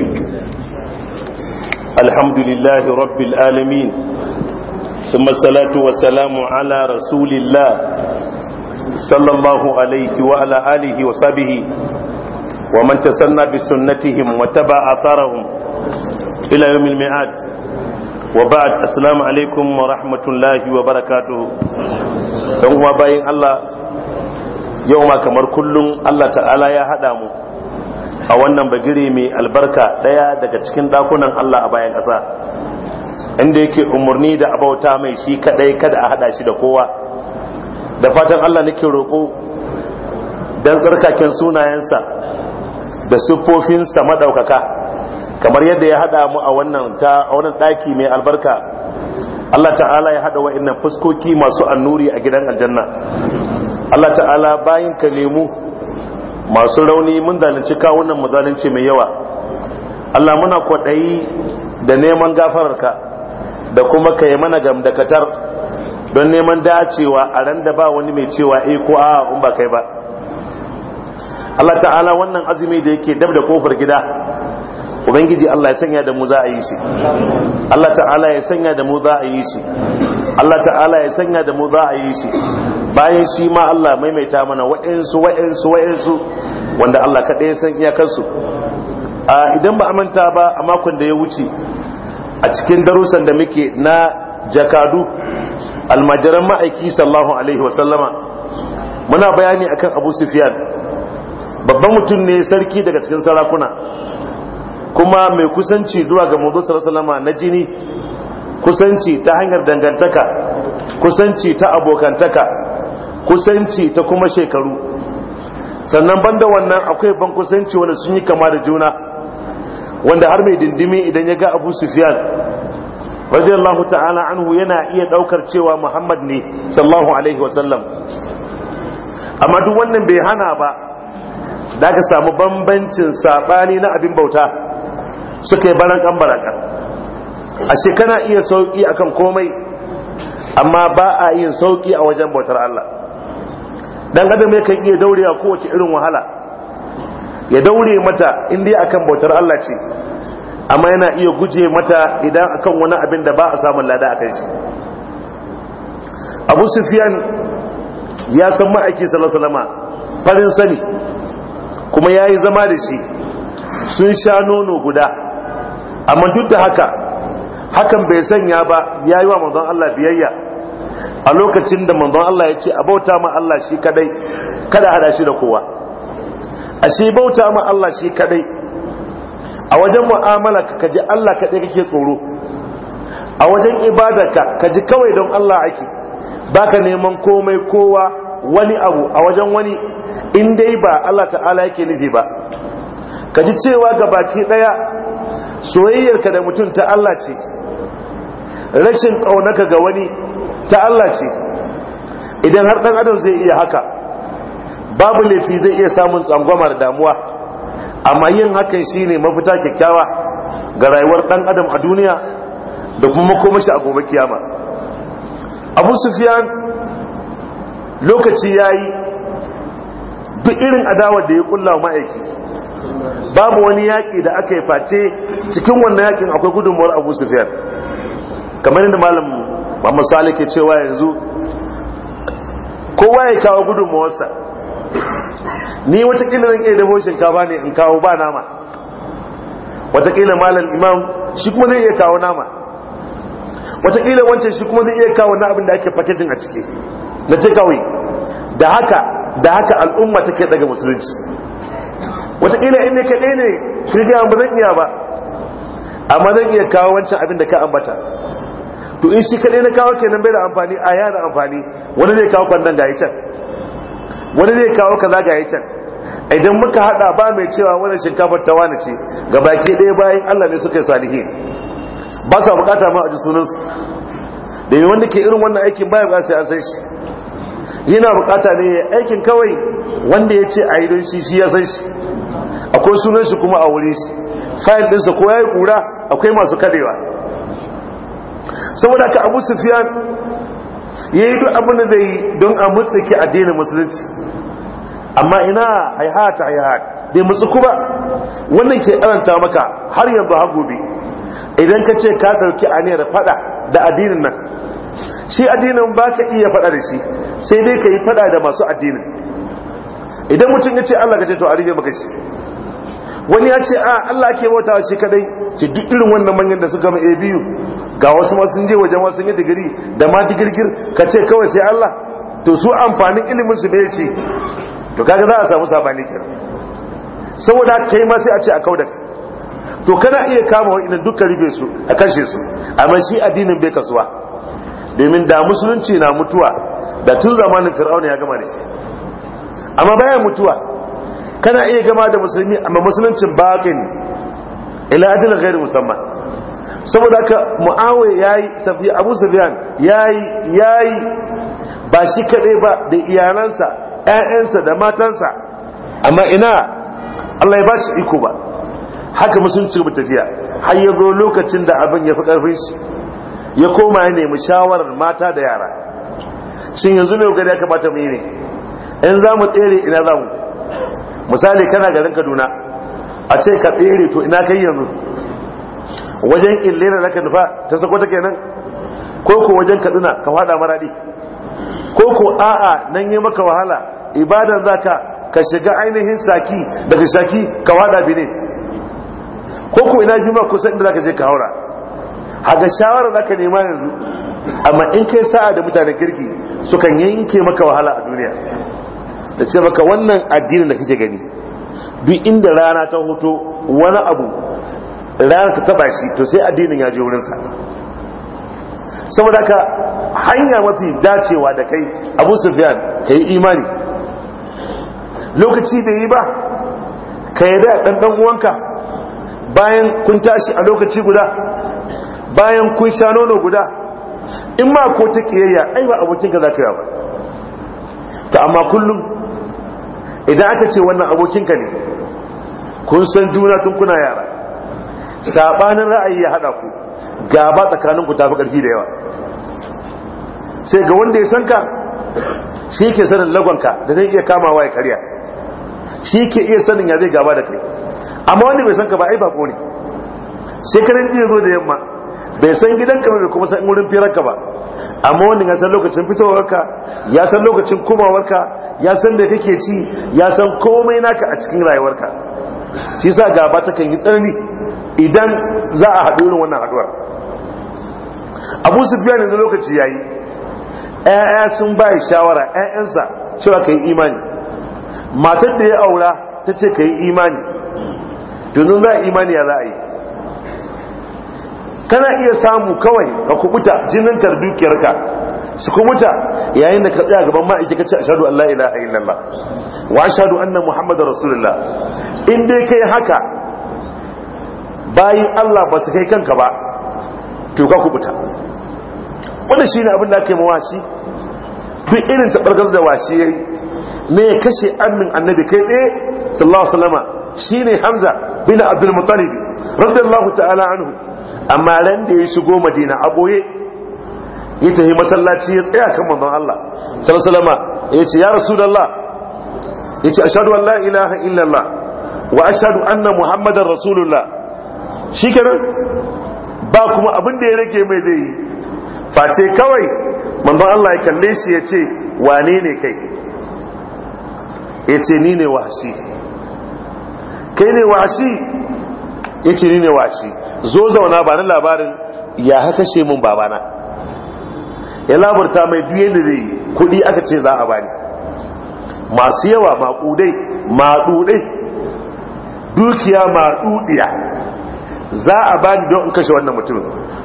الرحيم الحمد لله رب العالمين ثم الصلاة والسلام على رسول الله صلى الله عليه وعلى آله وصحبه ومن تسنى بسنتهم وتبع أثارهم إلى يوم الميعاد وبعد السلام عليكم ورحمة الله وبركاته يوم باين الله يوم كمر كل الله تعالى يا هدامه a wannan bagiri mai albarka daya daga cikin dakunan Allah a bayan ƙasa inda yake umarni da abauta mai shi kadai kada a hada shi da kowa da fatan Allah nake roƙo dan tsarkaken sunayensa da siffofinsa madaukaka kamar yadda ya hada mu a wannan ta a wannan daki mai albarka Allah ta'ala ya hada wa'annan fuskoki masu annuri a gidan aljanna Allah ta'ala bayin ka nemu masu rauni mun zalunci kawunan mu zalunci mai yawa Allah muna kwaɗayi da neman gafararka da kuma ka yi mana gamdakatar don neman dacewa a ran da ba wani mai cewa eh ko a in ba kai ba Allah ta'ala wannan azumi da yake dab da kofar gida ubangiji Allah ya sanya da mu za a yi shi Allah ta'ala ya sanya da mu za a yi shi Allah ta'ala ya sanya da mu za a yi shi bayan shi ma Allah maimaita mana wa'insu wa'insu wa'insu wanda Allah kaɗai ya san iyakarsu idan ba a manta ba a makon da ya wuce a cikin darussan da muke na jakadu almajiran ma'aiki sallahu alaihi wasallama muna bayani akan abu sufyan babban mutum ne sarki daga cikin sarakuna kuma mai kusanci zuwa ga manzo sallallahu na jini kusanci ta hanyar dangantaka kusanci ta abokantaka kusanci ta kuma shekaru sannan banda wannan akwai ban kusanci wanda sun yi kama da juna wanda har mai dindimi idan ya ga abu sufyan radiyallahu ta'ala anhu yana iya daukar cewa muhammad ne Sallahu alaihi wasallam amma duk wannan bai hana ba da ka samu bambancin saɓani na abin bauta suka yi baran kan baraka a shekara iya sauki akan komai amma ba a yin sauki a wajen bautar Allah dan adam kan iya daurewa kowace irin wahala ya daure mata in dai akan bautar Allah ce amma yana iya guje mata idan akan wani abin da ba a samun lada a kai abu sufiyan ya san ma'aiki salasalama farin sani kuma ya yi zama da shi sun sha nono guda amma duk da haka hakan bai sanya ba ya yi wa manzon Allah biyayya a lokacin da manzon Allah ya ce a bauta ma Allah shi kadai kada hada shi da kowa a shi bauta ma Allah shi kadai a wajen mu'amala ka kaji Allah kadai kake tsoro a wajen ibadarka kaji kawai don Allah ake baka neman komai kowa wani abu a wajen wani in dai ba Allah ta'ala yake nufi ba kaji cewa ga baki daya soyayyarka da mutum ta Allah ce rashin ƙaunaka ga wani ta Allah ce idan har ɗan adam zai iya haka babu laifi zai iya samun tsangwamar damuwa amma yin hakan shine mafita kyakkyawa ga rayuwar ɗan adam a duniya da kuma shi a gobe kiyama abu sufiyan lokaci ya yi duk irin adawar da ya kulla ma'aiki babu wani yaƙi da aka yi face cikin wannan yaƙin akwai gudunmuwar abu sufiyar kamar yadda malam muhammad sale ke cewa yanzu kowa ya kawo gudunmuwarsa ni watakila zan iya dafo shinkafa ne in kawo ba nama watakila malam imam shi kuma zai iya kawo nama watakila wancan shi kuma zai iya kawo na abin da ake packaging a ciki na takeaway da haka da haka al'umma take daga musulunci wataƙila in ne kaɗai ne kirga ba zan iya ba amma zan iya kawo wancan abin da ka ambata to in shi kaɗai na kawo kenan bai da amfani a yana amfani wani zai kawo kwandon ga can wani zai kawo kaza ga can idan muka hada ba mai cewa wannan shinkafar ta wani ce ga baki ɗaya bayan allah ne suka yi salihi ba sa bukata ma a ji sunansu da yi wanda ke irin wannan aikin baya ba sai an san shi yana bukata ne aikin kawai wanda ya ce a yi don shi shi ya san shi akwai sunan shi kuma a wuri shi fayil ɗinsa ko ya yi kura akwai masu kadewa saboda ka abu sufiyan ya yi duk abin da zai don a a addinin musulunci amma ina haihata haihata bai mutsu kuma wannan ke karanta maka har yanzu har gobe idan ka ce ka ɗauki aniyar faɗa da addinin nan shi addinin ba ka iya faɗa da shi sai dai ka yi faɗa da masu addinin idan mutum ya ce Allah ka ce to a rufe maka shi wani ya ce a Allah ke wata shi kadai ce duk irin wannan manyan da suka a biyu ga wasu ma sun je wajen wasu yi digiri da ma digirgir ka ce kawai sai Allah to su amfanin ilimin su bai ce to kaga za a samu sabani ke saboda kai ma sai a ce a kauda to kana iya kama wa'annan dukkan rufe su a kashe su amma shi addinin bai kasuwa domin da musulunci na mutuwa da tun zamanin fir'auna ya gama da shi amma baya mutuwa kana iya gama da musulmi amma musuluncin ne ila adil ghairi musamman saboda haka mu'awiya yayi safi abu sufyan yayi yayi ba shi kaɗai ba da iyalansa ƴaƴansa da matansa amma ina Allah ya ba iko ba haka musulunci ba tafiya har ya lokacin da abin ya fi ƙarfin shi ya koma ya nemi shawarar mata da yara shin yanzu mai gari ya kamata mu yi ne in za mu tsere ina za mu misali kana garin kaduna a ce ka tsere to ina kai yanzu wajen illera da ka nufa ta sako ta kenan ko ko wajen katsina ka fada maradi ko ko a'a nan yi maka wahala ibadan za ka ka shiga ainihin saki daga saki ka bi ne ko ko ina juma kusa inda za ka je ka haura haka shawara aka ka nema yanzu amma in kai sa'a da mutane kirki sukan yanke maka wahala a duniya da ce maka wannan addinin da kake gani duk inda rana ta hoto wani abu rana ta taba shi to sai addinin ya je wurinsa saboda ka hanya mafi dacewa da kai abu sufyan ka yi imani lokaci bai yi ba ka yi da ɗan uwanka bayan kun tashi a lokaci guda bayan kun sha nono guda in ma ko ta kiyayya ai ba abokin ka za ka yi ba ta amma kullum idan aka ce wannan abokinka ne kun san juna tun kuna yara sabanin ra'ayi ya hada ku gaba tsakanin ku tafi karfi da yawa sai ga wanda ya san ka shi ke sanin lagonka da zai iya kamawa ya karya shi ke iya sanin ya zai gaba da kai amma wanda bai san ka ba ai bako ne sai karin zo da yamma bai san gidan gidanka bai kuma san wurin firarka ba amma wani ya san lokacin fitowarka ya san lokacin komawarka ya san da kake ci ya san komai naka a cikin rayuwarka shi sa gaba ta kan yi tsanani idan za a haɗu irin wannan haɗuwar abu sufiya ne da lokaci ya yi ‘ya'ya sun ba shawara ‘ya'yansa cewa ka yi imani matar da ya aura ta ce ka yi imani tunun za a imani ya za a yi kana iya samu kawai ka kubuta jinin ka dukiyarka su kubuta yayin da ka tsaya gaban ma'aiki ka ce ashhadu an la ilaha illallah wa ashhadu anna muhammadar rasulullah in dai kai haka bayin Allah ba su kai kanka ba to ka kubuta wannan shine abin da ake mawashi duk irin taɓargar da washi yayi me ya kashe amin annabi kai tsaye sallallahu alaihi wasallama shine hamza bin abdul muttalib radiyallahu ta'ala anhu amma ran da ya shigo madina a boye ya tafi masallaci ya tsaya kan manzon Allah sallama ya ce ya rasulullah ya ce ashhadu an la ilaha illallah wa ashhadu anna muhammadar rasulullah shikenan ba kuma abin da ya rage mai zai yi face kawai manzon Allah ya kalle shi ya ce wane ne kai ya ce ni ne washi kai ne washi ya ce ni ne washi zo zauna ba ni labarin ya haka shi mun babana ya labarta mai biye da zai kuɗi aka ce za a bani masu yawa maƙudai maɗuɗai dukiya maɗuɗiya za a bani don in kashe wannan mutum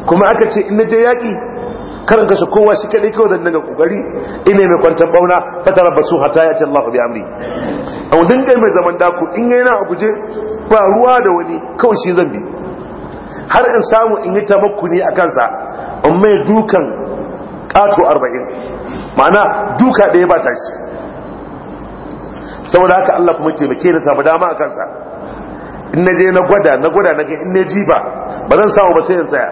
kuma aka ce in na je yaƙi karin kashe kowa shi kaɗai kawai zan daga kokari ina mai kwantar bauna fata rabba hata ya ce Allah bi amri a wadin mai zaman daku in yana a guje ba ruwa da wani kawai shi zan bi har in samu in yi tamakkuni a kansa in mai dukan kato arba'in ma'ana duka ɗaya ba ta shi saboda haka Allah kuma taimake na samu dama a kansa in na je na gwada na gwada na ga in ne ji ba ba zan samu ba sai in tsaya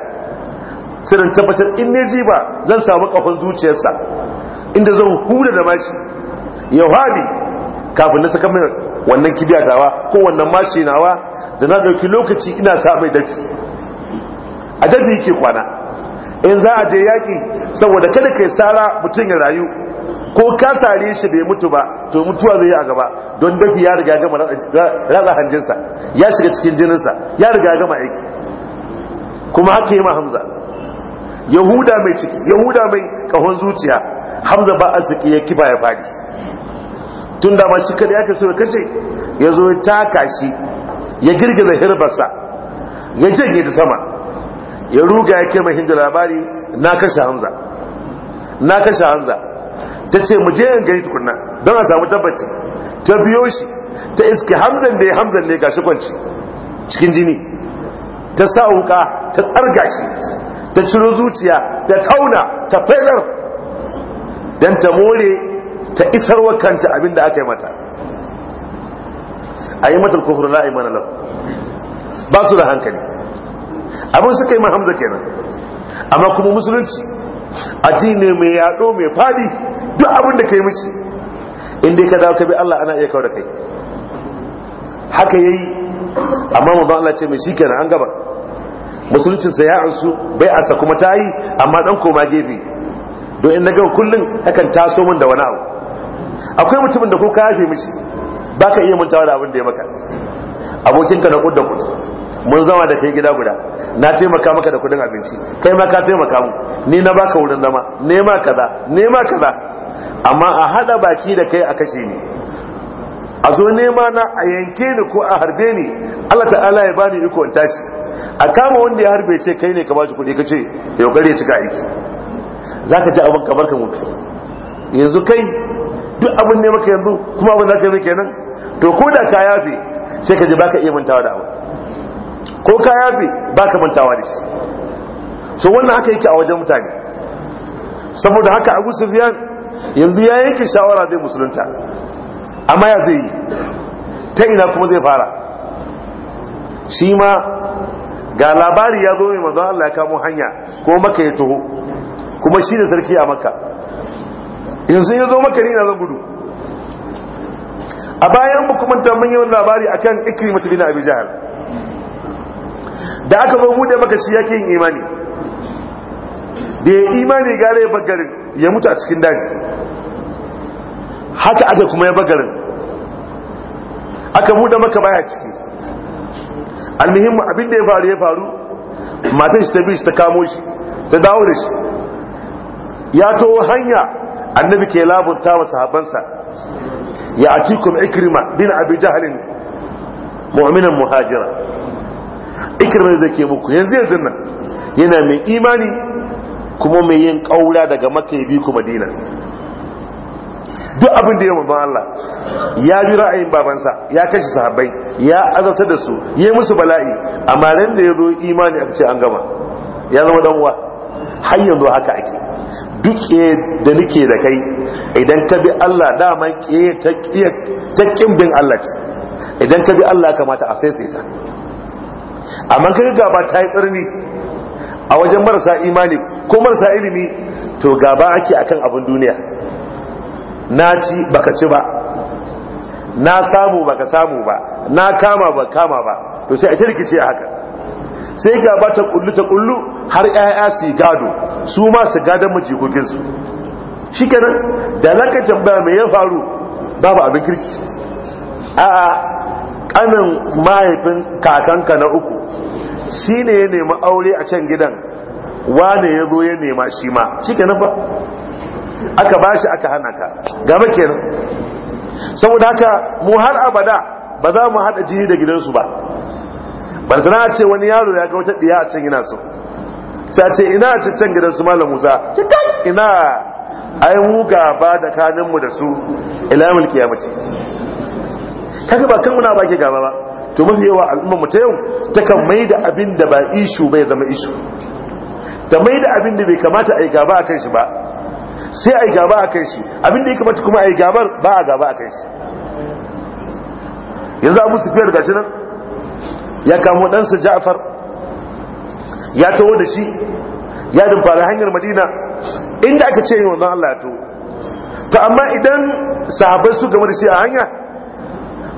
sai in tabbatar in ne ji ba zan samu kafan zuciyarsa inda zan hura da mashi ya hadi kafin na saka mai wannan kibiya tawa ko wannan mashi nawa da na dauki lokaci ina sa mai dafi a dafi yake kwana in za a je yaki saboda kada ka yi sara mutum ya rayu ko ka sare shi bai mutu ba to mutuwa zai yi a gaba don dafi ya riga gama ratsa hanjinsa ya shiga cikin jininsa ya riga gama aiki kuma haka yi ma hamza yahuda mai ciki yahuda mai kahon zuciya hamza ba a suke ya kiba ya fadi tun da ba shi kada ya kasu ya kashe ya zo ya taka shi ya girgiza hirbarsa ya janye ta sama ya ruga ya kai mahin labari na kashe hamza na kashe hamza ta ce mu je yin gani tukunna don a samu tabbaci ta biyo shi ta iske hamzan da ya hamzan ne gashi kwanci cikin jini ta sa wuka ta tsarga shi ta ciro zuciya ta ƙauna ta failar don ta more ta isar wa abin da aka yi mata a yi matar kufur la'ayi mana lafi ba su da hankali abin suka yi mahamza kenan amma kuma musulunci addini mai yado, mai faɗi duk abin da ka yi mace inda ka dawo ka bi Allah ana iya kawo da kai haka yayi amma mu Allah ce mai shikenan an gaba musuluncin sa ya ansu bai asa kuma ta yi amma dan koma gefe don in na ga kullun hakan taso min da wani abu akwai mutumin da ko ka yafe mishi ba ka iya mantawa da abin da ya maka abokinka na kudda kudu mun zama da kai gida guda na taimaka maka da kudin abinci kai ma ka taimaka mu ni na baka wurin zama nema kaza nema kaza amma a hada baki da kai a kashe ni a zo nema na a yanke ni ko a harbe ni Allah ta'ala ya bani iko in tashi a kama wanda ya harbe ce kai ne ka bashi kuɗi ka ce ya kare cika aiki zaka ji abin kamar ka mutu yanzu kai duk abin ne maka yanzu kuma abin zaka yi kenan to ko da ka yafe sai ka ji baka iya mantawa da abin ko ka yafe baka mantawa da shi so wannan haka yake a wajen mutane saboda haka Abu Sufyan yanzu ya yanke shawara zai musulunta amma ya zai yi ta ina kuma zai fara shi ma ga labari ya zo mai manzo Allah ya kamo hanya ko maka ya taho kuma shi da sarki a maka yanzu ya zo maka ni na zan gudu a bayan hukumanta mun yi labari akan ikrimah bin abin jihar. da aka zo bude maka shi yake yin imani da ya imani gare ya bagarin ya mutu a cikin daji haka aka kuma ya bagarin aka bude maka baya ciki almuhimmu abin da ya faru ya faru matan shi ta bi shi ta kamo shi ta dawo da shi ya to hanya annabi ke labunta wa sahabansa ya atikum ikrima bin abi jahalin mu'minan muhajira ikrima da ke muku yanzu yanzu nan yana mai imani kuma mai yin kaura daga makka ya bi ku madina duk abin da ya manzon Allah ya bi ra'ayin babansa ya kashe sahabbai ya azabta da su yi musu bala'i amma ran da ya zo imani a ce an gama ya zama dan wa har yanzu haka ake duk da nake da kai idan ka bi Allah dama ke ta kin bin Allah ce idan ka bi Allah kamata a sai sai ta amma ga gaba ta yi tsirni a wajen marasa imani ko marasa ilimi to gaba ake akan abin duniya na ci baka ci ba na samu baka samu ba na kama ba kama ba to sai a rikice a haka sai gaba ta kullu ta kullu har 'ya'ya su gado su ma su gadon majikokinsu shi kenan da laka tambaya mai ya faru babu abin kirki a'a kanin mahaifin kakanka na uku shi ne ya nemi aure a can gidan wane ya zo ya nema shi ma shi kenan ba aka ba shi aka hana ka gaba kenan saboda haka mu har abada ba za mu hada jini da gidansu ba bar sana ce wani yaro ya ga wata diya a can yana so sai ce ina a can gidan su malam Musa ina ai mu gaba da kanin mu da su ilamul kiyamati kaga ba kan muna baki gaba ba to mafi yawa al'ummar mu ta yau ta kan mai da abin da ba ishu bai zama ishu ta mai da abin da bai kamata a yi gaba a kan shi ba sai a yi gaba a kan shi abin da ya kamata kuma a yi gabar ba a gaba a kan shi yanzu abu su fiyar gashi nan ya kamo ɗansa ja'afar, ya taho da shi ya dumfara hanyar madina inda aka ce yin wanzan allah to ta amma idan sahabar su game da shi a hanya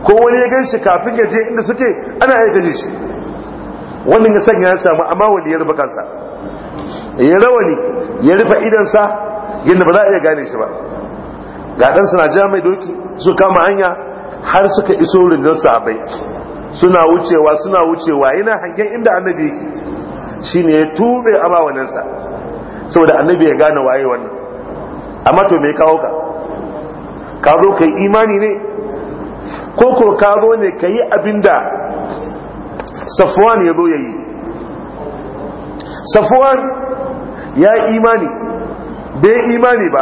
ko wani ya gan shi kafin ya je inda suke ana gaji shi wannan ya sanya ya samu amma wani ya rufe kansa ya rawani ya rufe idansa yadda ba za a iya gane shi ba ga ɗansa na jami'ai doki su kama hanya har suka iso rundunar sahabai suna wucewa suna wucewa yana hangen inda annabi yake shine ya tube abawanansa saboda annabi ya gane waye wannan amma to me kawo ka ka zo kai imani ne ko ko ka zo ne ka yi da safuwan ya zo ya yi safuwan ya imani bai imani ba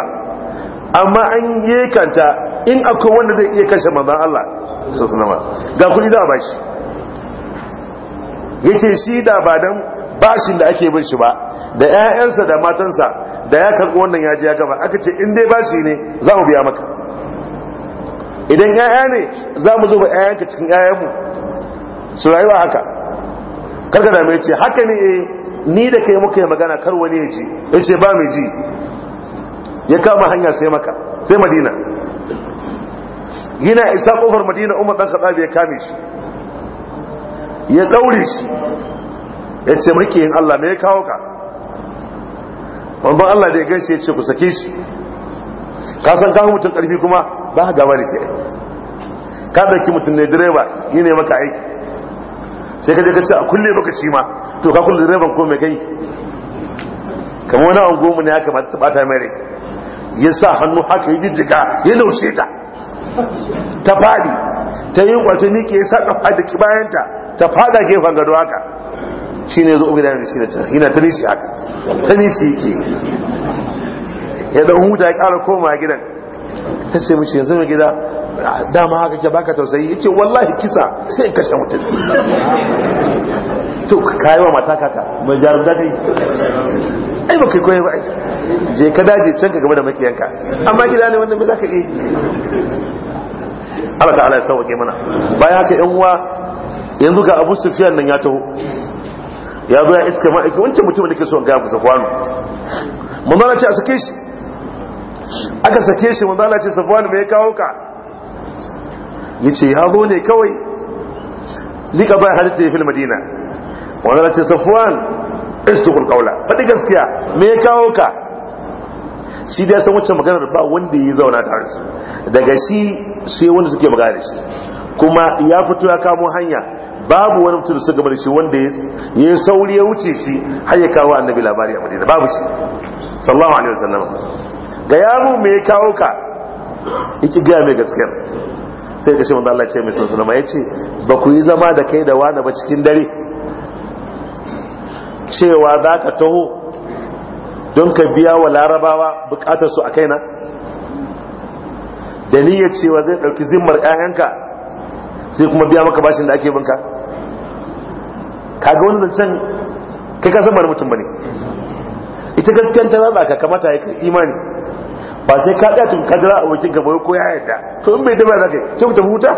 amma an yekanta in akwai wanda zai iya kashe manzan Allah su ba ga kudi za a bashi yake shi da ba don bashin da ake bin shi ba da 'ya'yansa da matansa da ya karɓi wannan ya ji ya gaba aka ce in dai bashi ne za mu biya maka idan 'ya'ya ne za mu zo 'ya'yan 'ya'yanka cikin 'ya'yanmu su rayuwa haka karka da mai ce haka ne eh, ni da kai muka yi magana kar wani ya ji ya ce ba mai ji ya kama hanya sai maka sai madina yana isa kofar madina umar dan khattab bai kame shi ya daure shi ya ce mulki yin Allah me ya kawo ka Wannan Allah da ya ganshi ya ce ku sake shi ka san kawo mutum karfi kuma ba ka gaba da shi ka ki mutum ne direba yi ne maka aiki sai ka je ka ce a kulle baka shi ma to ka kulle direban ko mai kai kamar wani goma ne ya kamata ta bata mai ya sa hannu haka ya jijjiga ya laushe ta ta fadi ta yi kwata ni ke sa kafa da bayanta ta fada ke fangado haka shi ne zo gidan da shi da can yana ta nishi haka ta nishi yake ya dan huta ya kara koma gidan ta ce mishi yanzu mai gida dama haka ke baka tausayi yace wallahi kisa sai kashe mutum to kayi wa mata kaka mai jarumta kai ai kai koyi ba je ka daje can ka gaba da makiyanka amma gida ne wannan ba za ka yi Allah ta'ala ya sauke mana bayan haka yan uwa yanzu ga Abu Sufyan nan ya taho ya zo ya iska ma aiki wancan mutumin da ke son gaya ku Safwan mun zana ce a sake shi aka sake shi mun zana ce safwan ya kawo ka yace ya zo ne kawai lika bai halitta ya fil madina wannan ce safwan istiqul qawla fadi gaskiya me ya kawo ka shi da ya san wacce maganar ba wanda ya zauna da harsu daga shi sai wanda suke magana da shi kuma ya fito ya kamo hanya babu wani mutum da suka gama da shi wanda ya sauri ya wuce shi har ya kawo annabi labari a madina babu shi sallallahu alaihi wasallam ga yaro me ya kawo ka yake gaya mai gaskiya. sai ka ce manzo Allah ya ce mai sallallahu alaihi wasallam ba ku yi zama da kai da wani ba cikin dare cewa za ka taho don ka biya wa larabawa bukatar su a kaina da niyyar cewa zai ɗauki zimmar 'ya'yanka sai kuma biya maka bashin da ake binka kaga wani zancen kai ka zama mutum bane ita gaskiyar ta zaza ka kamata ya imani ba sai ka ɗaya tun kadara a wakil gaba ko ya yarda to in bai daba za ka yi sai ku tafi huta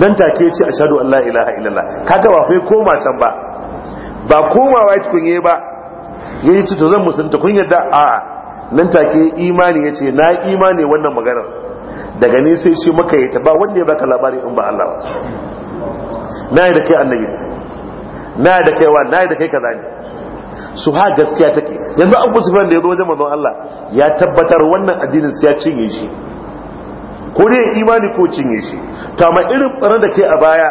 dan take ce ashadu allah ilaha illallah kaga ba fai koma can ba ba komawa cikin yayi ba yayi yi to zan musulunta kun yadda a nan take imani yace na imani wannan maganar daga ne sai shi maka ta ba wanda ya baka labari in ba Allah ba na yi da kai annabi na yi da kai wa na yi da kai kaza ne su ha gaskiya take yanzu an sufyan da ya zo wajen manzon Allah ya tabbatar wannan addinin sai ya cinye shi ko dai imani ko cinye shi to amma irin tsaron da ke a baya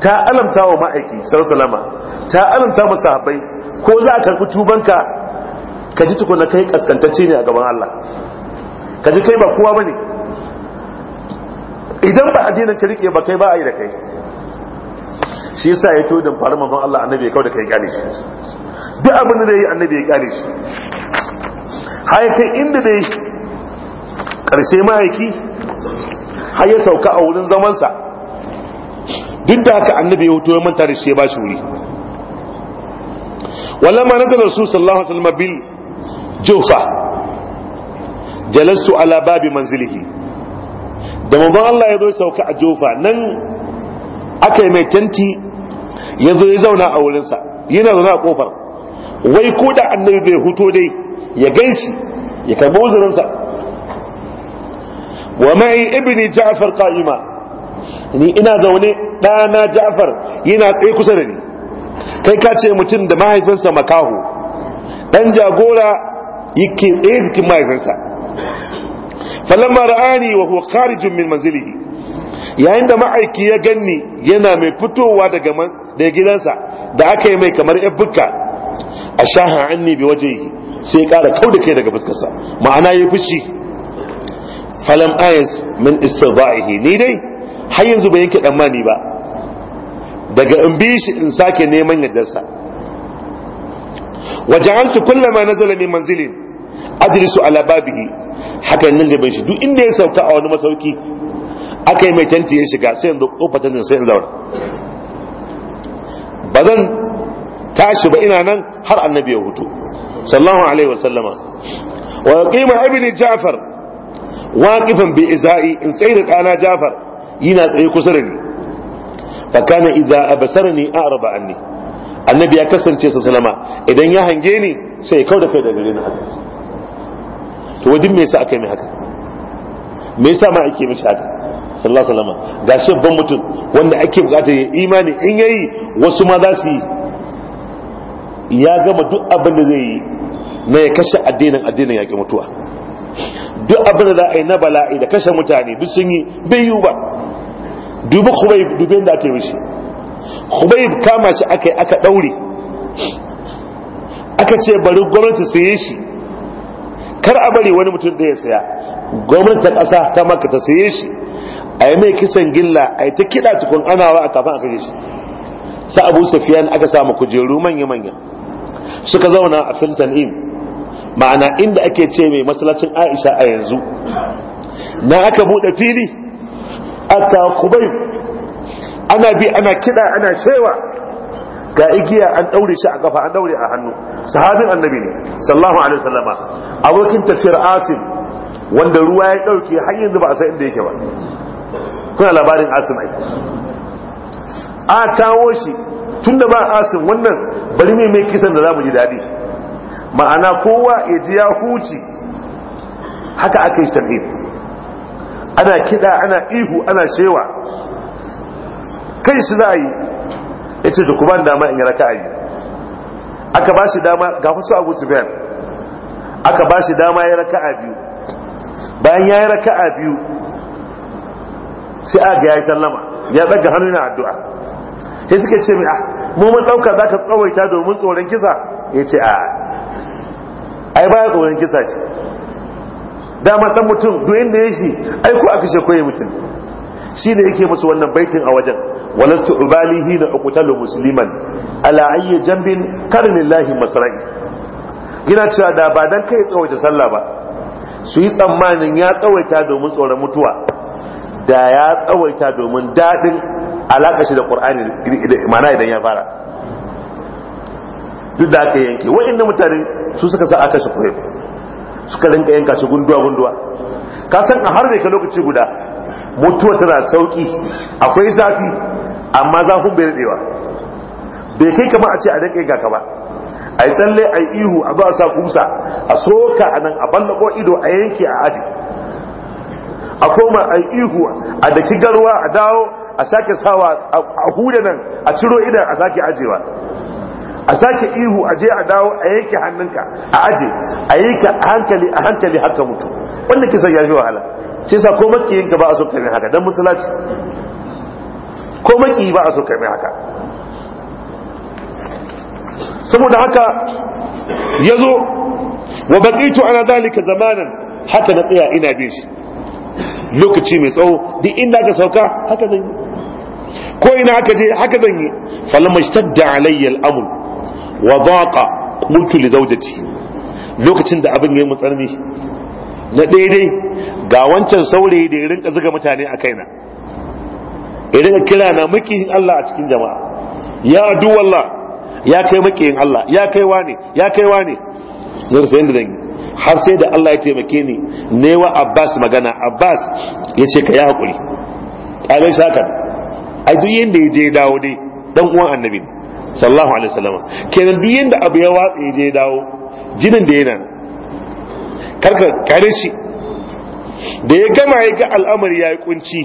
ta alamta wa ma'aiki salama ta alamta masa habai ko za a karɓi tubanka ka ji tukuna kai kaskantacce ne a gaban Allah ka ji kai ba kowa bane idan ba addinin ka rike ba kai ba a yi da kai shi yasa ya to da faru manzon Allah annabi ya kawo da kai kyale shi duk abin da zai yi annabi ya kyale shi har kai inda dai karshe ma'aiki har ya sauka a wurin zamansa duk da haka annabi ya hoto ya manta da shi ya ba shi wuri walamma nazala rasul sallallahu alaihi wasallam bil jufa jalastu ala babi manzilihi da mun Allah ya zo sauka a jufa nan aka yi mai tanti ya zo ya zauna a wurinsa yana zauna a kofar wai ko da annabi zai huto dai ya gaishi ya karbi sa wa mai ibni ja'far qa'ima ni ina zaune ɗana ja'far yana tsaye kusa da ni kai ka ce mutum da mahaifinsa makaho ɗan jagora yake tsaye cikin mahaifinsa falamma ra'ani wa huwa kharijun min manzilihi yayin da ma'aiki ya ganni yana mai fitowa daga da gidansa da aka yi mai kamar yan bukka a shaha anni bi wajehi sai ya kara kau da kai daga fuskarsa ma'ana ya fushi falam ayas min istidaihi ni dai har yanzu bai yake damani ba daga in bi shi in sake neman yardarsa waja'altu ma nazala min manzilin ajlisu ala babihi hakan nan da bai shi duk inda ya sauka a wani masauki akai mai tanti ya shiga sai yanzu kofar tantin sai in zauna ba zan tashi ba ina nan har annabi ya hutu sallallahu alaihi wasallama wa qima ibni ja'far waqifan bi izai in tsayi da ja'far yana tsaye kusa da ni fa kana idza absarani a'raba anni annabi ya kasance sa salama idan ya hange ni sai ya kauda kai da gare ni haka to wajen me yasa aka yi haka me yasa ma ake mishi haka sallallahu alaihi wasallam shi babban mutum wanda ake bukata ya imani in yayi wasu ma za su yi ya gama duk abin da zai yi na ya kashe addinin addinin yaƙi mutuwa duk abin da za a yi na bala'i da kashe mutane duk sun yi bai yiwu ba dubi khubayb dubin da ake mishi khubayb kama shi aka aka daure aka ce bari gwamnati yi shi kar a bari wani mutum da ya saya gwamnati ta kasa ta maka ta saye shi Ai mai kisan gilla Ai ta kiɗa tukun anawa a kafin aka yi shi sa abu Sufyan aka samu kujeru manya-manya suka zauna a fintan in ma'ana inda ake ce mai masallacin aisha a yanzu na aka bude fili atakubai kubai ana bi ana kida ana shewa ga igiya an daure shi a kafa an daure a hannu sahabin annabi ne sallallahu alaihi wasallama abokin tafiyar asim wanda ruwa ya dauke har yanzu ba a san inda yake ba kuna labarin asim ai a tawo shi tunda ba asim wannan bari mai mai kisan da zamu ji dadi ma'ana kowa ya ji ya huci haka aka yi tarhib ana kiɗa ana ihu ana shewa kai shi za a yi ya ce duk ban dama in yi raka yi aka ba shi dama ga wasu abu tufiyan aka ba shi dama ya raka a biyu bayan ya yi raka a biyu sai aga ya yi sallama ya ɗaga hannu na addu'a sai suka ce mai a, ah, mu mun ɗauka za ka tsawaita domin tsoron kisa ya ce a ai baya tsoron kisa shi dama san mutum duk inda ya shi ai ko aka she koyi mutum shi ne yake musu wannan baitin a wajen walastu ubalihi da uqtalu musliman ala ayyi jambin karnillahi masrai gina cewa da ba dan kai tsawaita sallah ba su yi tsammanin ya tsawaita domin tsoron mutuwa da ya tsawaita domin daɗin alaƙa shi da qur'ani mana idan ya fara duk da aka yanke wa'in mutane su suka sa aka shi kuwa suka rinka yanka shi gunduwa gunduwa ka san a harbe ka lokaci guda mutuwa tana sauki akwai zafi amma zafin bai daɗewa. bai kai kamar a ce a rinka yanka ka ba a yi tsalle a yi ihu a ba sa kusa a soka a nan a ballako ido a yanke a aji a koma a yi ihu a daki garwa a dawo a sake sawa a huda nan a ciro idan a sake ajewa a sake ihu a je a dawo a yanke hannunka a aje a yi ka hankali a hankali haka mutu wanda kisan ya fi wahala sai sa ko makiyinka ba a so kame haka don musulaci ko makiyi ba a so kame haka saboda haka ya zo wa bakitu ana dalika zamanan haka na tsaya ina bin shi lokaci mai tsawo duk inda ka sauka haka zan yi ko ina haka je haka zan yi falamma da alayya al'amur wa daqa qultu li zawjati lokacin da abin yayi mutsarni na daidai ga wancan saurayi da ya rinka zuga mutane a kaina ya rinka kira na makiyin Allah a cikin jama'a ya du wallah ya kai makiyin Allah ya kai wane ya kai wane na rasa yadda zan har sai da Allah ya taimake ni newa Abbas magana Abbas ya ce ka yi hakuri. ƙalai shakan a duk yadda ya je dawo dai dan uwan annabi ne sallallahu alaihi wasallam kenan duk yanda abu ya watsa ya je dawo jinin da yana karka kare shi da ya gama ya ga al'amari ya yi kunci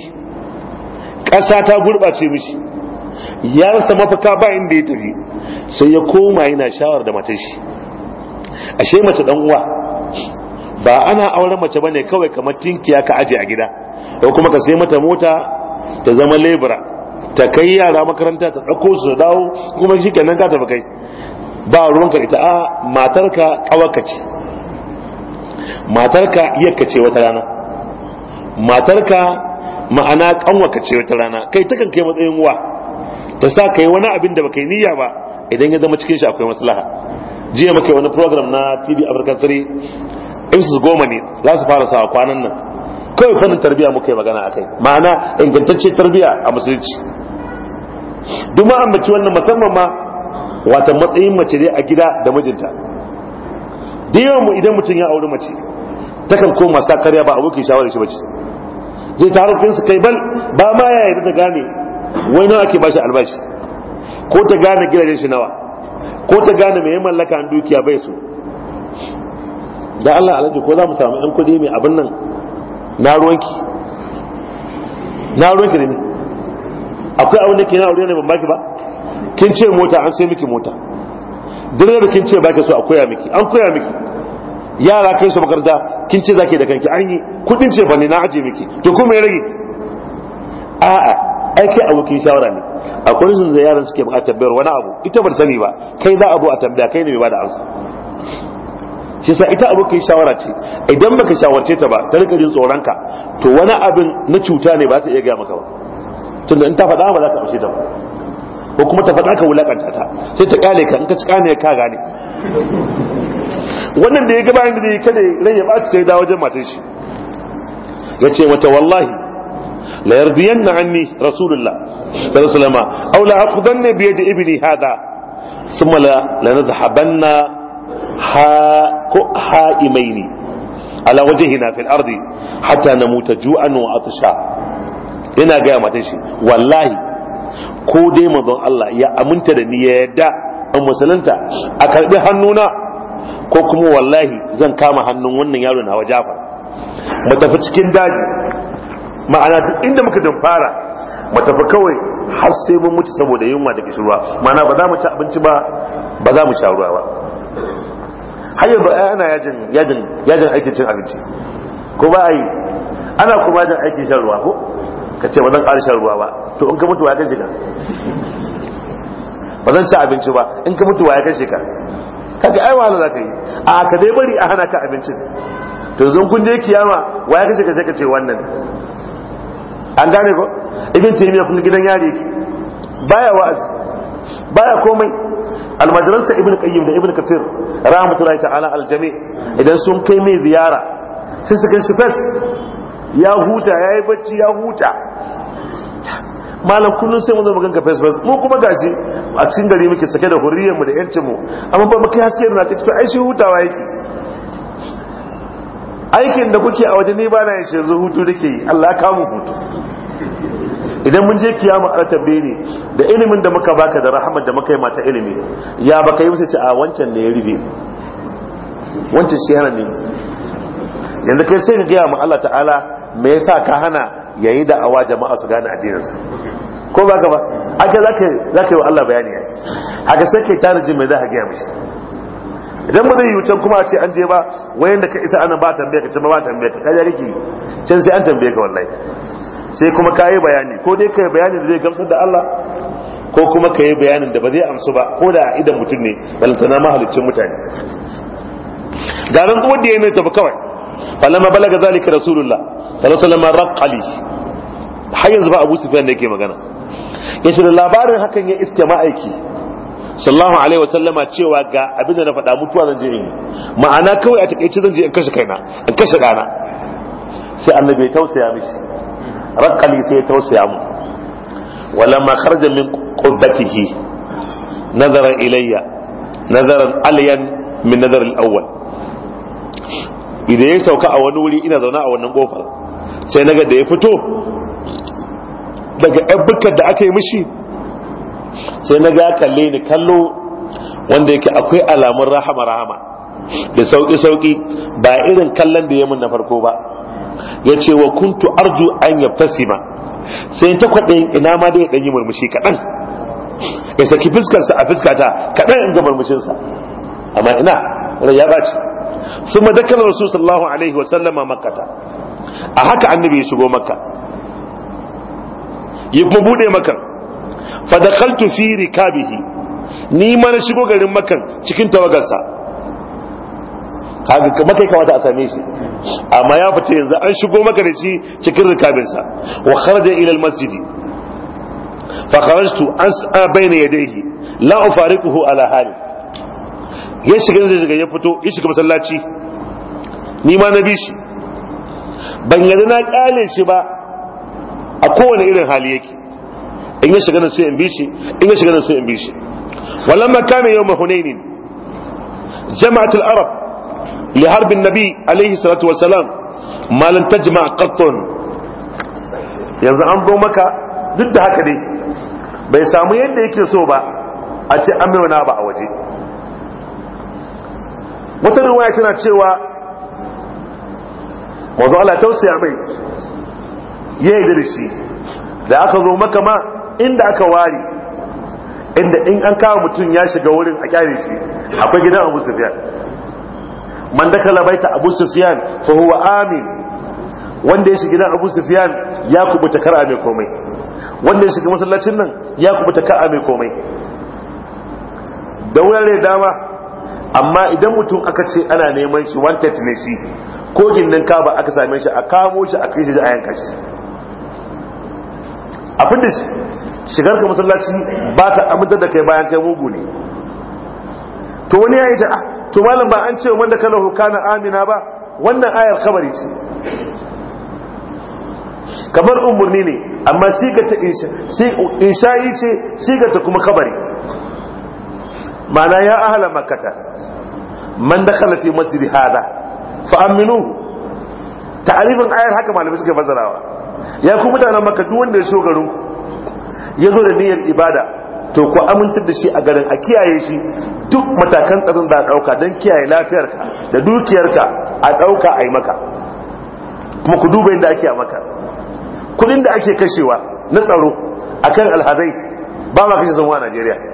ƙasa ta gurɓace mishi ya rasa mafaka ba inda ya tafi sai ya koma yana shawar da mace shi ashe mace dan uwa ba ana auren mace bane kawai kamar tinkiya ka aje a gida ko kuma ka sai mata mota ta zama lebura ta kai yara makaranta ta ɗauko su da dawo kuma shi kenan ka tafi kai ba ruwanka ita a matarka ƙawarka ce matarka yakka ce wata rana matarka ma'ana ƙanwarka ce wata rana kai takan kai matsayin wa ta sa kai wani abin da baka yi niyya ba idan ya zama cikin shi akwai maslaha jiya muka yi wani program na tv africa 3 in goma ne za su fara sawa kwanan nan kawai fannin tarbiya muka yi magana kai. ma'ana ingantacce tarbiya a musulunci duk ma ambaci wannan musamman ma wata matsayin mace dai a gida da mijinta da yawan mu idan mutum ya auri mace takan koma sa karya ba abokin shawarar shi bace zai tarufin su kai bal ba ma ya yi ta gane wai nawa ake bashi albashi ko ta gane gidajen shi nawa ko ta gane mai mallaka an dukiya bai so da Allah alaji ko za mu samu ɗan kuɗi mai abin nan na ruwanki na ruwanki ne akwai abin da ke na aure ne ban baki ba kin ce mota an sai miki mota da kin ce baki so a koya miki an koya miki yara kai su makaranta kin ce zaki da kanki an yi kudin ce ba ne na aje miki to kuma ya rage a'a ai kai abokin shawara ne akwai rashin da yaran suke buƙatar bayar wani abu ita bar sani ba kai za abu a tambaya kai ne mai bada amsa shi sa ita abokin shawara ce idan baka shawarce ta ba ta rika jin tsoronka to wani abin na cuta ne ba ta iya gaya maka ba tunda in ta faɗa ba za ka amshe ta ba ko kuma ta faɗa ka wulaƙanta ta sai ta ƙale ka in ka ci ƙane ka gane wannan da ya gaba inda zai kada rai ya ɓaci sai da wajen matan shi ya ce wata wallahi la yardiyanna anni rasulullah sallallahu alaihi wasallam aw la aqudanna bi yadi ibni hada thumma la lanadhhabanna ha ko haimaini ala wajhina fil ardi hatta namuta ju'an wa atsha yana gaya matan shi wallahi ko dai manzon Allah ya aminta da ni ya yadda an musulunta a karbi hannuna ko kuma wallahi zan kama hannun wannan yaro na wajafa mu tafi cikin daji ma'ana duk inda muka fara mu tafi kawai har sai mun mutu saboda yunwa da kishirwa ma'ana ba za mu ci abinci ba ba za mu sha ruwa ba har yanzu ana yajin yajin yajin aikin cin abinci ko ba a yi ana kuma yajin aikin shan ruwa ko ka ce ba zan shan ruwa ba to in ka mutu ya kashe ka ba zan ci abinci ba in ka mutu ya kashe ka kaga ai wahala za ka yi a ka dai bari a hana ka abincin to zan kun je kiyama wa ya kashe ka sai ka ce wannan an gane ko ibn taymiya kun gidan yare yake baya wa'azi baya komai almajiransa ibn qayyim da ibn kasir rahmatullahi ta'ala aljami idan sun kai mai ziyara sai su ganshi fes ya huta ya yi bacci ya huta malam kullum sai mun zama ganka face mu kuma gashi a cikin gari muke sake da hurriyar mu da yancin mu amma ba muke haske na ta cikin aishi hutawa yake aikin da kuke a waje ni ba na yashe zo hutu dake yi Allah ya kamu hutu idan mun je kiyama a tambaye ne da ilimin da muka baka da rahmat da muka yi mata ilimi ya baka yi musu ce a wancan ne ya rufe wancan shi ne yanzu kai sai ka gaya ma Allah ta'ala me yasa ka hana yayi da awa jama'a su gane addininsa ko ba ka ba aka zaka zaka yi wa Allah bayani ai haka sai kai tarjin me za ka ga mishi idan ba zai yi wucin kuma a ce an je ba wayan da ka isa ana ba tambaya ka ce ba tambaya ka kaje riki can sai an tambaye ka wallahi sai kuma ka yi bayani ko dai ka yi bayani da zai gamsar da Allah ko kuma ka yi bayanin da ba zai amsu ba ko da idan mutum ne balantana mahalicin mutane garin kuma da ya ne tafi kawai falamma balaga zalika rasulullah sallallahu alaihi wasallam raqali har yanzu ba abu sufyan da yake magana yace da labarin hakan ya iske ma'aiki sallallahu alaihi wasallama cewa ga abin da na faɗa mutuwa zan je in ma'ana kawai a takeice zan je in kashe kaina in kashe dana sai annabi ya tausaya mishi raqali sai ya tausaya mu walamma kharaja min qubbatihi nazara ilayya nazaran aliyan min nazar al-awwal idan ya sauka a wani wuri ina zauna a wannan kofar sai naga da ya fito daga ɗabbukar da aka yi mishi sai naga kalle ni kallo wanda yake akwai alamun rahama rahama da sauki sauki ba irin kallon da ya mun na farko ba ya ce wa kuntu arju an ya ma sai ta kwaɗe ina ma dai ɗanyi murmushi kaɗan ya saki fuskarsa a fuskata kaɗan in ga murmushinsa amma ina rai ya ɓaci ثم ذكر a صلى annabi ya وسلم buɗe أهك النبي يشغو مكة يبمبوني مكة فدخلت في ركابه نيما shigo garin makar cikin tawagarsa. kaga kamar kai kamata a same shi amma ya fita yanzu an shigo maka da shi cikin rikabinsa wa kharaja ila almasjidi fa kharajtu as'a bayna yadayhi la ufariquhu ala hali ya shiga zai shiga ya fito ya shiga masallaci ni ma na bi shi ban yarda na kyale shi ba a kowane irin hali yake in ya shiga nan sai in bi shi in ya shiga nan sai in bi shi walamma kana yawma hunainin jama'at al-arab li harb nabi alayhi salatu wa salam ma lan tajma' qattun yanzu an zo maka duk da haka dai bai samu yadda yake so ba a ce an mai ba a waje wata ya tana cewa wanzu ala tausaya mai ya yi dirishi da aka zo maka ma inda aka wari, inda in an kawo mutum ya shiga wurin a kyare shi akwai gidan abu sufiyan man da kalabaita abu sufiyan fa huwa amin wanda ya shiga gidan abu sufiyan ya kubuta kar'a mai komai wanda ya shiga masallacin nan ya kubuta kar'a mai komai da wurare dama amma idan mutum aka ce ana neman shi wanted ne shi ko ka ba aka same shi a kamo shi a kai shi a ayyanka shi a da shi shigar ka masallaci ba ta amintar da kai bayan kai mugu ne to wani ya yi ta ah, to malam ba an ce wanda kana hukana amina ba wannan ayar kabari ce kamar umarni ne amma sigar ta insha'i ce siga ta kuma kabari ma'ana ya ahala makkata man dakhala fi masjidi hada fa aminu ta'arifin ayar haka malamai suke fasarawa ya ku mutanen makka duk wanda ya so ya zo da niyyar ibada to ku amintar da shi a garin a kiyaye shi duk matakan tsaron da a ɗauka don kiyaye lafiyarka da dukiyarka a ɗauka a yi maka kuma ku duba yadda ake a maka kudin da ake kashewa na tsaro akan alhazai ba ma kashe zama a najeriya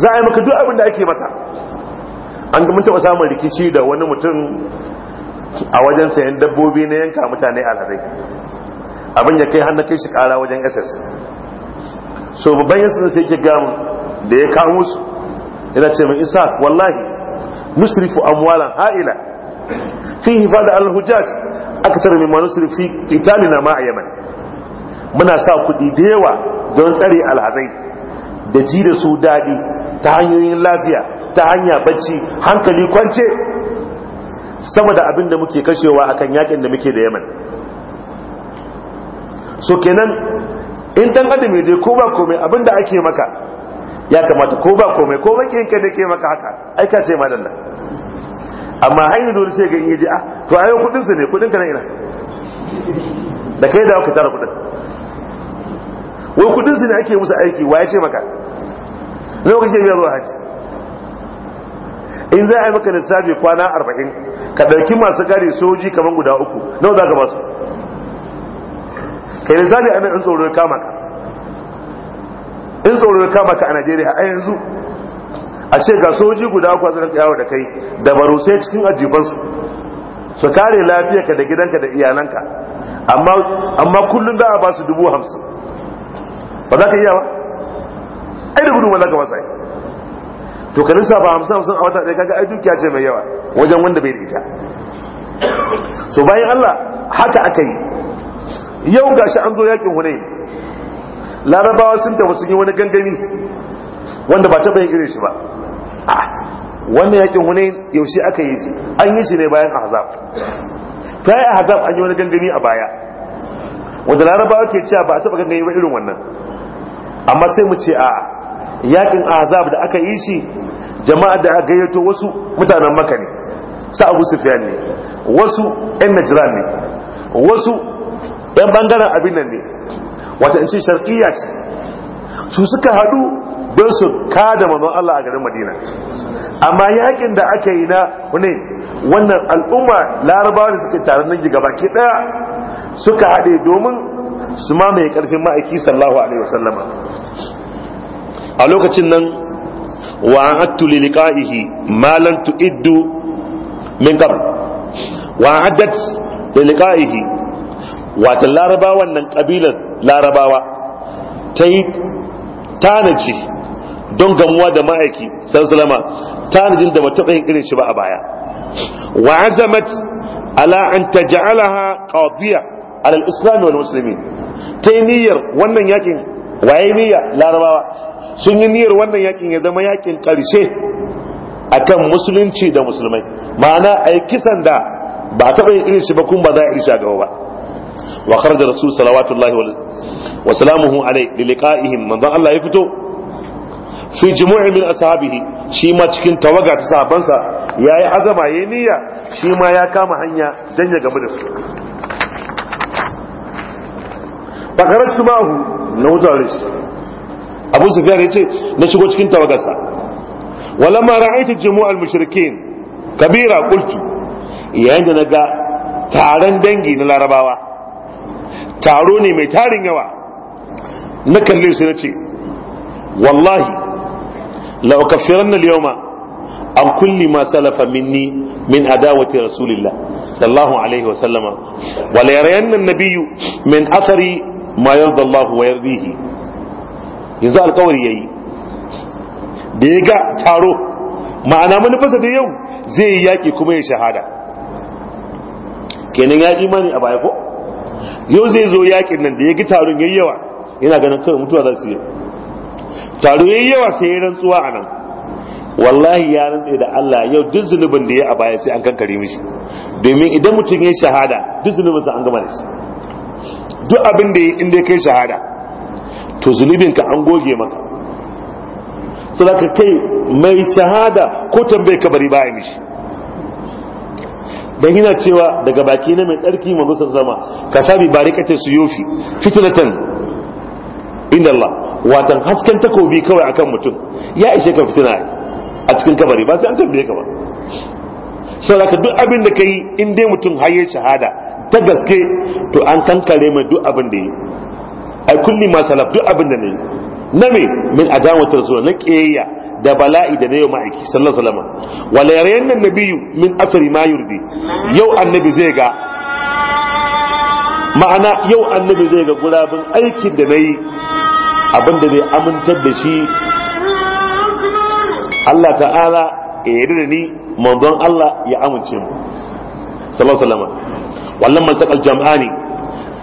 za a yi maka duk abin da ake maka an ga mutum taɓa samun rikici da wani mutum a wajen sayan dabbobi na yanka mutane alhazai abin ya kai hannu kai shi kara wajen ss so babban yasin sai yake gamu da ya kawo su yana ce mai isa wallahi nusrifu amwalan ha'ila fi hifada alhujjaj akasar mimma nusrifu fi qitalina ma ma'ayyaman muna sa kuɗi da yawa don tsare alhazai da ji da su daɗi ta hanyoyin lafiya ta hanya bacci hankali kwance sama da abin da muke kashewa akan yakin da muke da yaman so kenan in dan adam ya je ko ba komai abin da ake maka ya kamata ko ba komai ko bakin ka da ke maka haka ai ka ce madalla amma hanyar dole sai ga in yaji ah to ayo kudin su ne kudin ka na ina da kai da ka tara kudin wai kudin su ne ake musu aiki wa ya ce maka zo kake biya zuwa haji in za a yi maka lissafi kwana arba'in ka ɗauki masu gari soji kamar guda uku nawa za ka basu kai lissafi a nan in tsoro kama ka in tsoron kama ka a najeriya a yanzu a ce ga soji guda uku a suna yawo da kai da baro sai cikin ajibansu su kare lafiyarka da gidanka da iyalanka amma kullum za a ba su dubu hamsin ba za ka iya ba ai da gudu ba za ka wasa to ka ba hamsin hamsin a wata ɗaya kaga ai dukiya ce mai yawa wajen wanda bai da ita so bayan Allah haka aka yi yau gashi an zo yakin hunai larabawa sun tafi sun yi wani gangami wanda ba taɓa yin irin shi ba a ah, wannan yakin hunain yaushe aka yi shi an yi shi ne bayan ahzab ta yi ahzab an yi wani gangami a baya wanda larabawa ke cewa ba a taɓa gangami ba irin wannan amma sai mu ce a'a yakin azab da aka yi shi jama'a da aka gayyato wasu mutanen maka ne sa abu sufiyan ne wasu yan najran ne wasu yan bangaren abin nan ne wata in ce sharqiyya ce su suka hadu don su kada manzon Allah a garin Madina amma yakin da aka yi na wani wannan al'umma larabawa da suke tare nan gaba baki daya suka haɗe domin su mamaye karfin ma'aiki sallallahu alaihi wasallama a lokacin nan wa an attu li liqa'ihi ma lam tu'iddu min qabl wa addat li liqa'ihi wata larabawan nan kabilar larabawa ta yi tanaji don gamuwa da ma'aiki sallama tanajin da mutum yin irin shi ba a baya wa azamat ala an taj'alaha qadiya ala al-islam wal muslimin ta niyyar wannan yakin waye niyya larabawa sun yi niyyar wannan yakin ya zama yakin karshe akan musulunci da musulmai ma'ana ai kisan da ba taɓa yin irin shi ba kun ba za a iri shi gaba ba wa kharaja rasul salawatullahi wa salamuhu alai li liqa'ihim manzon Allah ya fito fi jumu'i min ashabihi shi ma cikin tawaga ta sa yayi azama yayi niyya shi ma ya kama hanya danya game da su fakarar tumahu na wutar shi abu sufiyar ya ce na shigo cikin tawagarsa walamma ra'aita jimu'al mushrikin kabira qultu yayin da na ga taron dangi na larabawa taro ne mai tarin yawa na kalle su nace wallahi la na al an kulli ma salafa minni min adawati rasulillah sallallahu alaihi wa sallama wa la nabiyyu min athari ma yarda Allah wa yardihi yanzu alkawari yayi da ya ga taro ma'ana manufarsa da yau zai yi yaki kuma ya shahada kenan ya imani a baya ko yau zai zo yakin nan da ya ga taron yayi yawa yana ganin kawai mutuwa za su yi taro yayi yawa sai ya rantsuwa a nan wallahi ya rantsa da Allah yau duk zunubin da ya a baya sai an kankare mishi domin idan mutum ya shahada duk zunubinsa an gama da shi duk abin da inda kai shahada to zunubin ka an goge maka saboda kai mai shahada ko tambaye ka bari baya mishi dan yana cewa daga baki na mai tsarki manzo zama ka sabi barikata su yofi fitnatan inda Allah watan hasken takobi kawai akan mutum ya ishe ka fitina a cikin kabari ba sai an tambaye ka ba saboda duk abin da kai in dai mutum har ya shahada ta gaske to an kankare mai duk abin da yi ai kulli ma salaf duk abin da ne na me min adamatar zuwa na kiyayya da bala'i da na yau ma'aiki sallallahu alaihi wasallam wala yarayan nan nabiyu min afri ma yurdi yau annabi zai ga ma'ana yau annabi zai ga gurabin aikin da nayi abin da zai amintar da shi Allah ta'ala ya yarda da ni manzon Allah ya amince mu sallallahu alaihi wallan man taqal jam'ani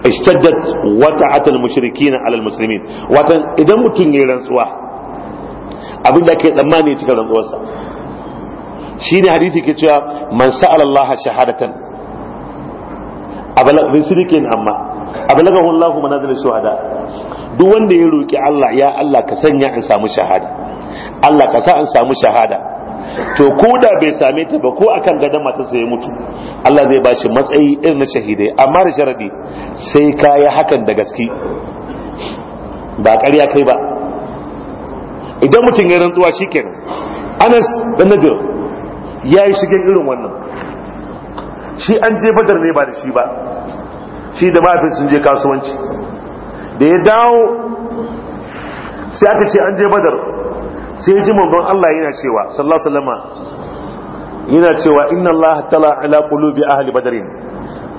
ishtaddat wata'at al-mushrikeena 'ala al-muslimin watan idan mutum ya rantsuwa abin da ke tsammani cika rantsuwarsa shine hadisi ke cewa man sa'ala Allah shahadatan abala ne amma abalagahu Allahu manazil shuhada duk wanda ya roki Allah ya Allah ka sanya in samu shahada Allah ka sa in samu shahada to ko da bai same ta ba ko akan gadon sa ya mutu Allah zai bashi matsayi irin na shahidai amma da sharadi sai ka yi hakan da gaske ba ƙarya kai ba idan mutum ya rantsuwa shikenan Anas da Nadir ya yi shigen irin wannan shi an je badar ne ba da shi ba shi da mahaifin sun je kasuwanci da ya dawo sai aka ce an je badar sai ji manzon Allah yana cewa sallallahu alaihi wasallama yana cewa inna Allah tala ala qulubi ahli badr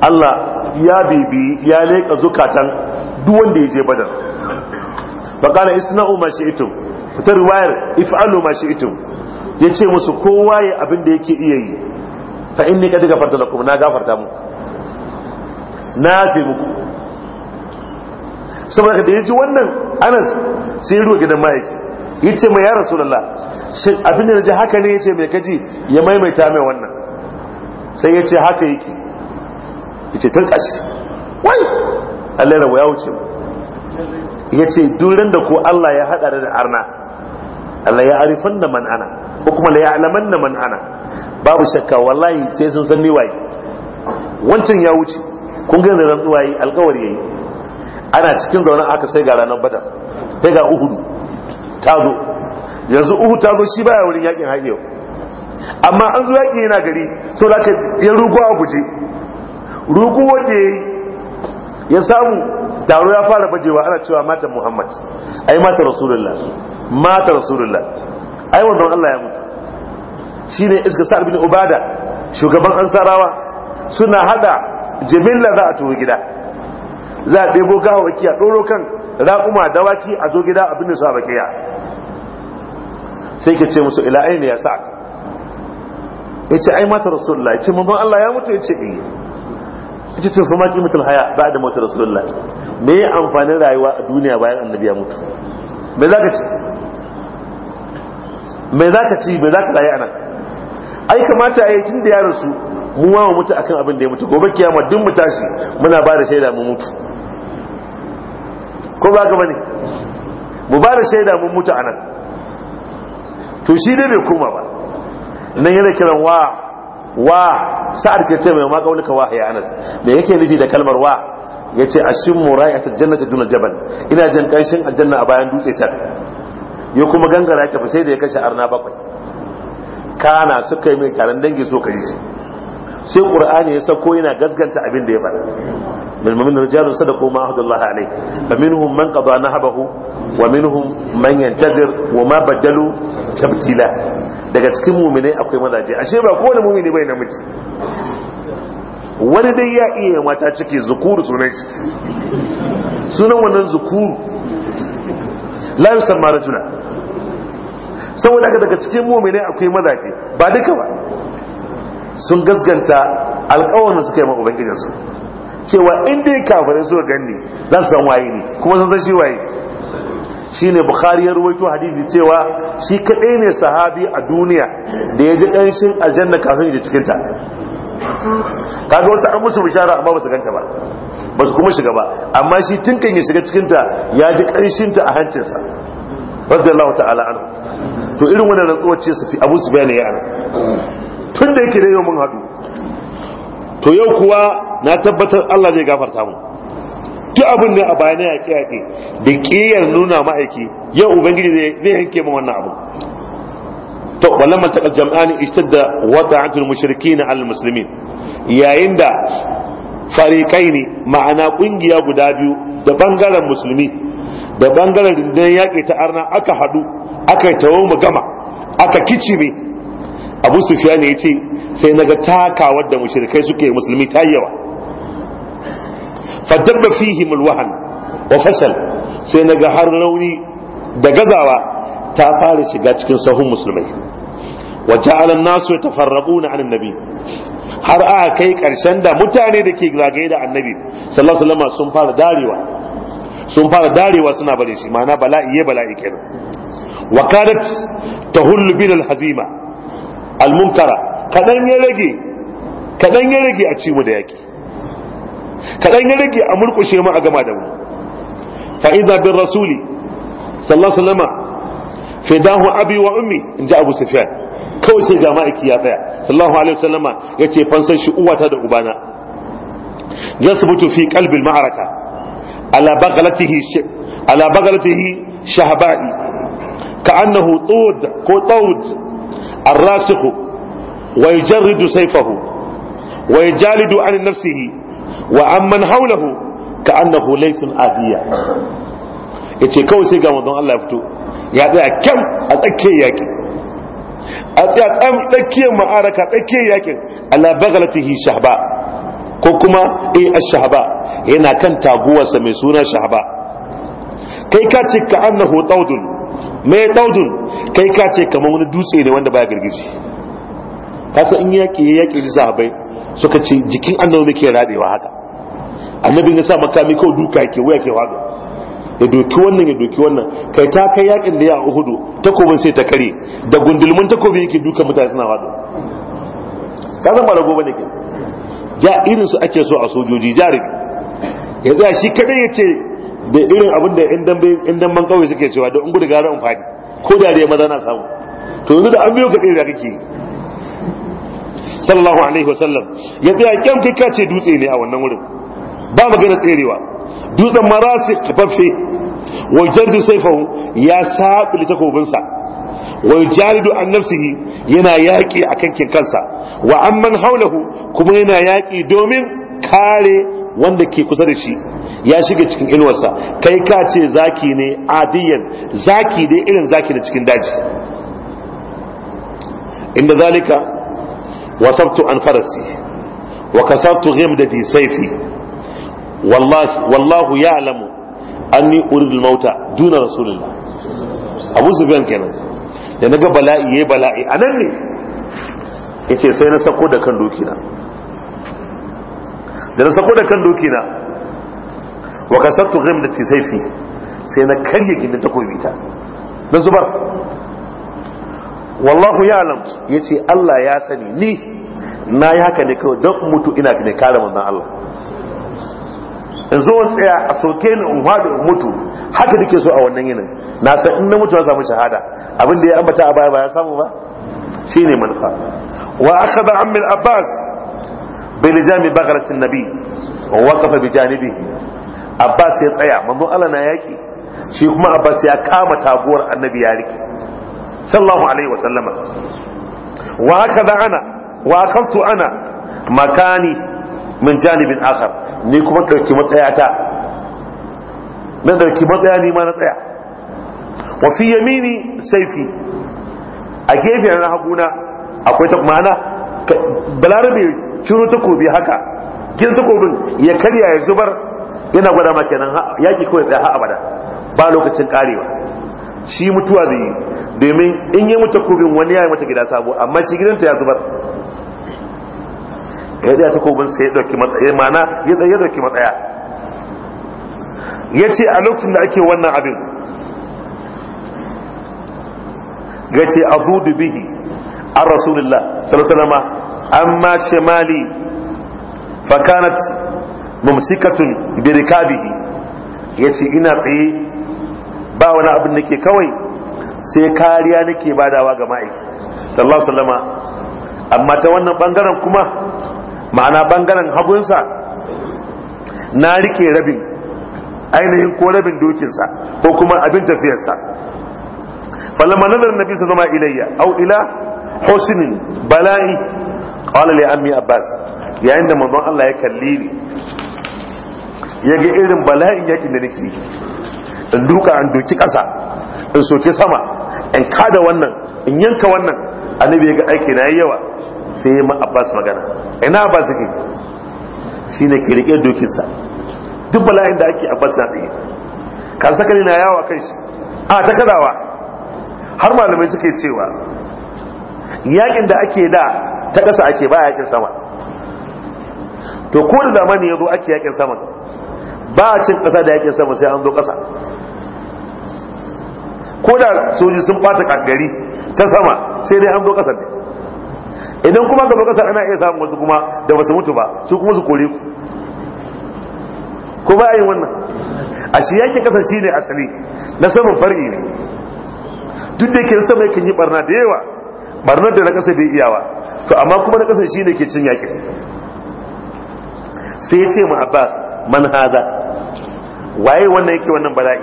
Allah ya bibi ya leka zukatan duk wanda ya je badar fa qala isna'u ma shi'tum ta riwayar if'alu ma shi'tum yace musu kowa ya abin da yake iya yi fa inni kad gafarta lakum na gafarta mu na fi muku saboda da yaji wannan Anas sai ruwa gidan ma'aiki yace mai ya rasulullah shin abin da naji haka ne yace mai kaji ya maimaita mai wannan sai yace haka yake yace tun kashi wai Allah ya ya wuce yace duran da ko Allah ya hada da arna Allah ya arifan da man ana ko kuma la ya'laman da man ana babu shakka wallahi sai sun san ni waye wancan ya wuce kun ga rantsuwa yi alkawari yayi ana cikin zaune aka sai ga ranar badar sai ga uhudu Tazo, yanzu uhu tazo zo shi baya wurin yakin haƙewa amma an zo yaƙi yana gari sau da aka yi rugu a guje rugu wanda ya ya samu taro ya fara bajewa ana cewa mata muhammad ai mata rasulullah mata rasulullah ai wannan allah ya mutu Shi ne iska sa'ad bin ubada shugaban ansarawa suna hada jimilla za a tuwo gida za a ɗebo gawa a ɗoro kan raƙuma dawaki a zo gida abin da su a bakiya sai ke ce musu ila ne ya sa'ad ce ai mata rasulullah ce mabon Allah ya mutu ya yace eh Ya ce tun maki mutum haya ba da mutu rasulullah me ya amfanin rayuwa a duniya bayan annabi ya mutu me ka ci me ka ci me ka rayu anan ai kamata a yi tun da ya rasu mu ma mu mutu akan abin da ya mutu gobe kiyama duk mu tashi muna ba da shaida mu mutu ko ba ka bane mu ba da shaida mun mutu anan to shi dai bai koma ba nan yana kiran wa wa sa'ad ke ce mai ma wa ya anas me yake nufi da kalmar wa yace ashimmu ra'ayatul jannati duna jaban. ina jin kanshin aljanna a bayan dutse can ya kuma gangara ta sai da ya kashe arna bakwai kana suka yi mai taron dangi so kai shi sai qur'ani ya sako yana gaskanta abin da ya faɗa من المؤمنين رجال صدقوا ما عهد الله عليه فمنهم من قضى نهبه ومنهم من ينتظر وما بدلوا تبديلا daga cikin mumine akwai mazaje ashe ba kowane mumine bai namiji wani dai ya iya mata ciki zukuru sunan shi sunan wannan zukuru la yusamma rajula saboda haka daga cikin mumine akwai mazaje ba duka ba sun gasganta alƙawarin da suka yi ma ubangijinsu cewa in dai kafirai suka ganni za su san waye ne kuma zan san shi waye shine bukhari ya ruwaito hadisi cewa shi kadai ne sahabi a duniya da ya ji kanshin aljanna kafin ya cikin ta kaga wasu an musu bishara amma ba su ganta ba basu kuma shiga ba amma shi tun kan ya shiga cikin ta ya ji kanshin ta a hancinsa radiyallahu ta'ala anhu to irin wannan rantsuwar ce su fi abu su bayani ana. tun da yake da yau mun haɗu to yau kuwa na tabbatar Allah zai gafarta mu duk abin da a baya na yaƙi yaƙi da ƙiyar nuna ma'aiki yau ubangiji zai hanke mu wannan abu. to man taqal jam'ani ishtadda ta'atul mushrikin al muslimin yayin da fariƙai ne ma'ana ƙungiya guda biyu da bangaren musulmi da bangaren rundunar yaƙi ta arna aka haɗu aka yi tawo mu gama aka kicime abu sufiya ne ya ce sai na ga takawar da mushrikai suke musulmi ta yawa Fadabba fihi mulwahan wa fashal sai na ga har rauni da gazawa ta fara shiga cikin sahun musulmai wa ja'ala an-nasu yatafarraquna 'ala an-nabi har aka kai karshen da mutane da ke zagaye da annabi sallallahu alaihi wasallam sun fara darewa sun fara darewa suna bare shi ma'ana bala'i ya bala'i kenan wa ta tahullu bil hazima almunkara kaɗan ya rage kaɗan ya rage a ci mu da yaƙi kaɗan ya rage a murƙushe mu a gama da mu fa'iza bin rasuli sallallahu alaihi fidahu abi wa ummi in ji abu sufyan kawai sai ga ma'aiki ya tsaya sallallahu alaihi wasallama ya ce fansan shi uwata da ubana yasbutu fi qalbil ma'araka ala baghlatihi ala baghlatihi shahba'i ka'annahu tud ko taud arrasikhu wa yujarridu sayfahu wa yajalidu an nafsihi wa amman hawlahu ka'annahu laysun adiya yace kawai sai ga manzon Allah ya fito ya tsaya kyam a tsakiyar yakin a tsaya tsakiyar ma'araka tsakiyar yakin ala bagalatihi shahba ko kuma eh ash-shahba yana kan taguwarsa mai suna shahaba. kai ka ce ka annahu tawdun mai daudun kai ka ce kamar wani dutse ne wanda baya girgiji kasa in yaƙi ya yaƙi sahabai suka ce jikin annabi muke rabewa haka annabin ya sa makami kawai duka yake wuya ke waga ya doki wannan ya doki wannan kai ta kai yakin da ya a uhudu takobin sai ta kare da gundulmin takobi yake duka mutane suna wado ka san ba rago ne ke ja irin su ake so a sojoji jarumi ya tsaya shi kadai ya ce da irin abin da yan damban kawai suke cewa da ungu da gara in fadi ko da dai maza na samu to yanzu da an biyo ka tsere da kake sallallahu alaihi wasallam ya tsaya kyan kai ka dutse ne a wannan wurin ba gina tserewa dutsen marasi kafaffe wa jardu saifahu ya sabi takobinsa wa jaridu an nafsihi yana yaƙi a kankin kansa wa amman haulahu kuma yana yaƙi domin kare wanda ke kusa da shi ya shiga cikin inuwarsa kai ka ce zaki ne adiyan zaki dai irin zaki da cikin daji inda zalika wasabtu an farasi wa kasabtu ghimdati sayfi wallahi wallahu ya'lamu anni uridu mauta duna rasulillah abu sufyan kenan da naga bala'i yayi bala'i anan ne yace sai na sako da kan doki na. da na sako da kan doki na wa kasattu ghimlati sayfi sai na karye gindin takobi ta na zubar wallahu ya'lam ce Allah ya sani ni na yi haka ne kawai don mutu ina ne kare manzon Allah in zo tsaya a soke ni in hadu in mutu haka duke so a wannan yinin na san in na mutu na samu shahada abin da ya ambata a baya ba ya samu ba shine manufa wa akhadha ammi al-abbas بلجام بغرة النبي ووقف بجانبه عباس يتعيا منذ ألا نايكي شي كما عباس يا تابور النبي يالك صلى الله عليه وسلم وهكذا انا واخذت انا مكاني من جانب اخر نيكو مطلع dauki matsaya ta na dauki matsaya ni ma na tsaya wa fi yamini saifi a gefen na haguna akwai ta ciro takobi haka kin takobin ya karya ya zubar yana gwada ma kenan yaki kawai tsaya har abada ba lokacin karewa shi mutuwa zai yi domin in yi mutu takobin wani ya yi mata gida sabo amma shi gidanta ya zubar ya tsaya takobin sai ya dauki matsaya mana ya tsaya dauki matsaya ya ce a lokacin da ake wannan abin ya ce a bihi an rasulullah sallallahu alaihi amma shimali fakanat mumsikatun birikabihi ya ce ina tsaye ba wani abin nake kawai sai kariya nake badawa ga ma'aiki sallallahu sallama amma ta wannan bangaren kuma ma'ana bangaren hagunsa na rike rabin ainihin ko rabin dokinsa ko kuma abin tafiyarsa falamma nazar nabi sallallahu alaihi au ila husnin bala'i kwanan ya ammi abbas yayin da manzon Allah ya kalli ni ya ga irin bala'in yakin da nake in duka an doki kasa in soke sama in kada wannan in yanka wannan annabi ya ga aiki na yi yawa sai ya ma abbas magana ina abbas yake shi ne ke rike dokinsa duk bala'in da ake abbas na tsaye kan sakari na yawa kai shi a ta kadawa har malamai suke cewa yakin da ake da ta ƙasa ake ba yakin sama to ko da zamani ya zo ake yakin sama ba a cin ƙasa da yakin sama sai an zo ƙasa ko da soji sun ɓata kankari ta sama sai dai an zo ƙasa ne idan kuma ka zo ƙasa ana iya samun wasu kuma da ba su mutu ba su kuma su kore ku ko ba a yi wannan a shi yake ƙasa shi ne asali na saman far'i ne duk da yake sama yakan yi barna da yawa barnar da na kasa bai iyawa to amma kuma na kasa shi ke cin yakin sai ya ce mu abbas man haza waye wannan yake wannan bala'i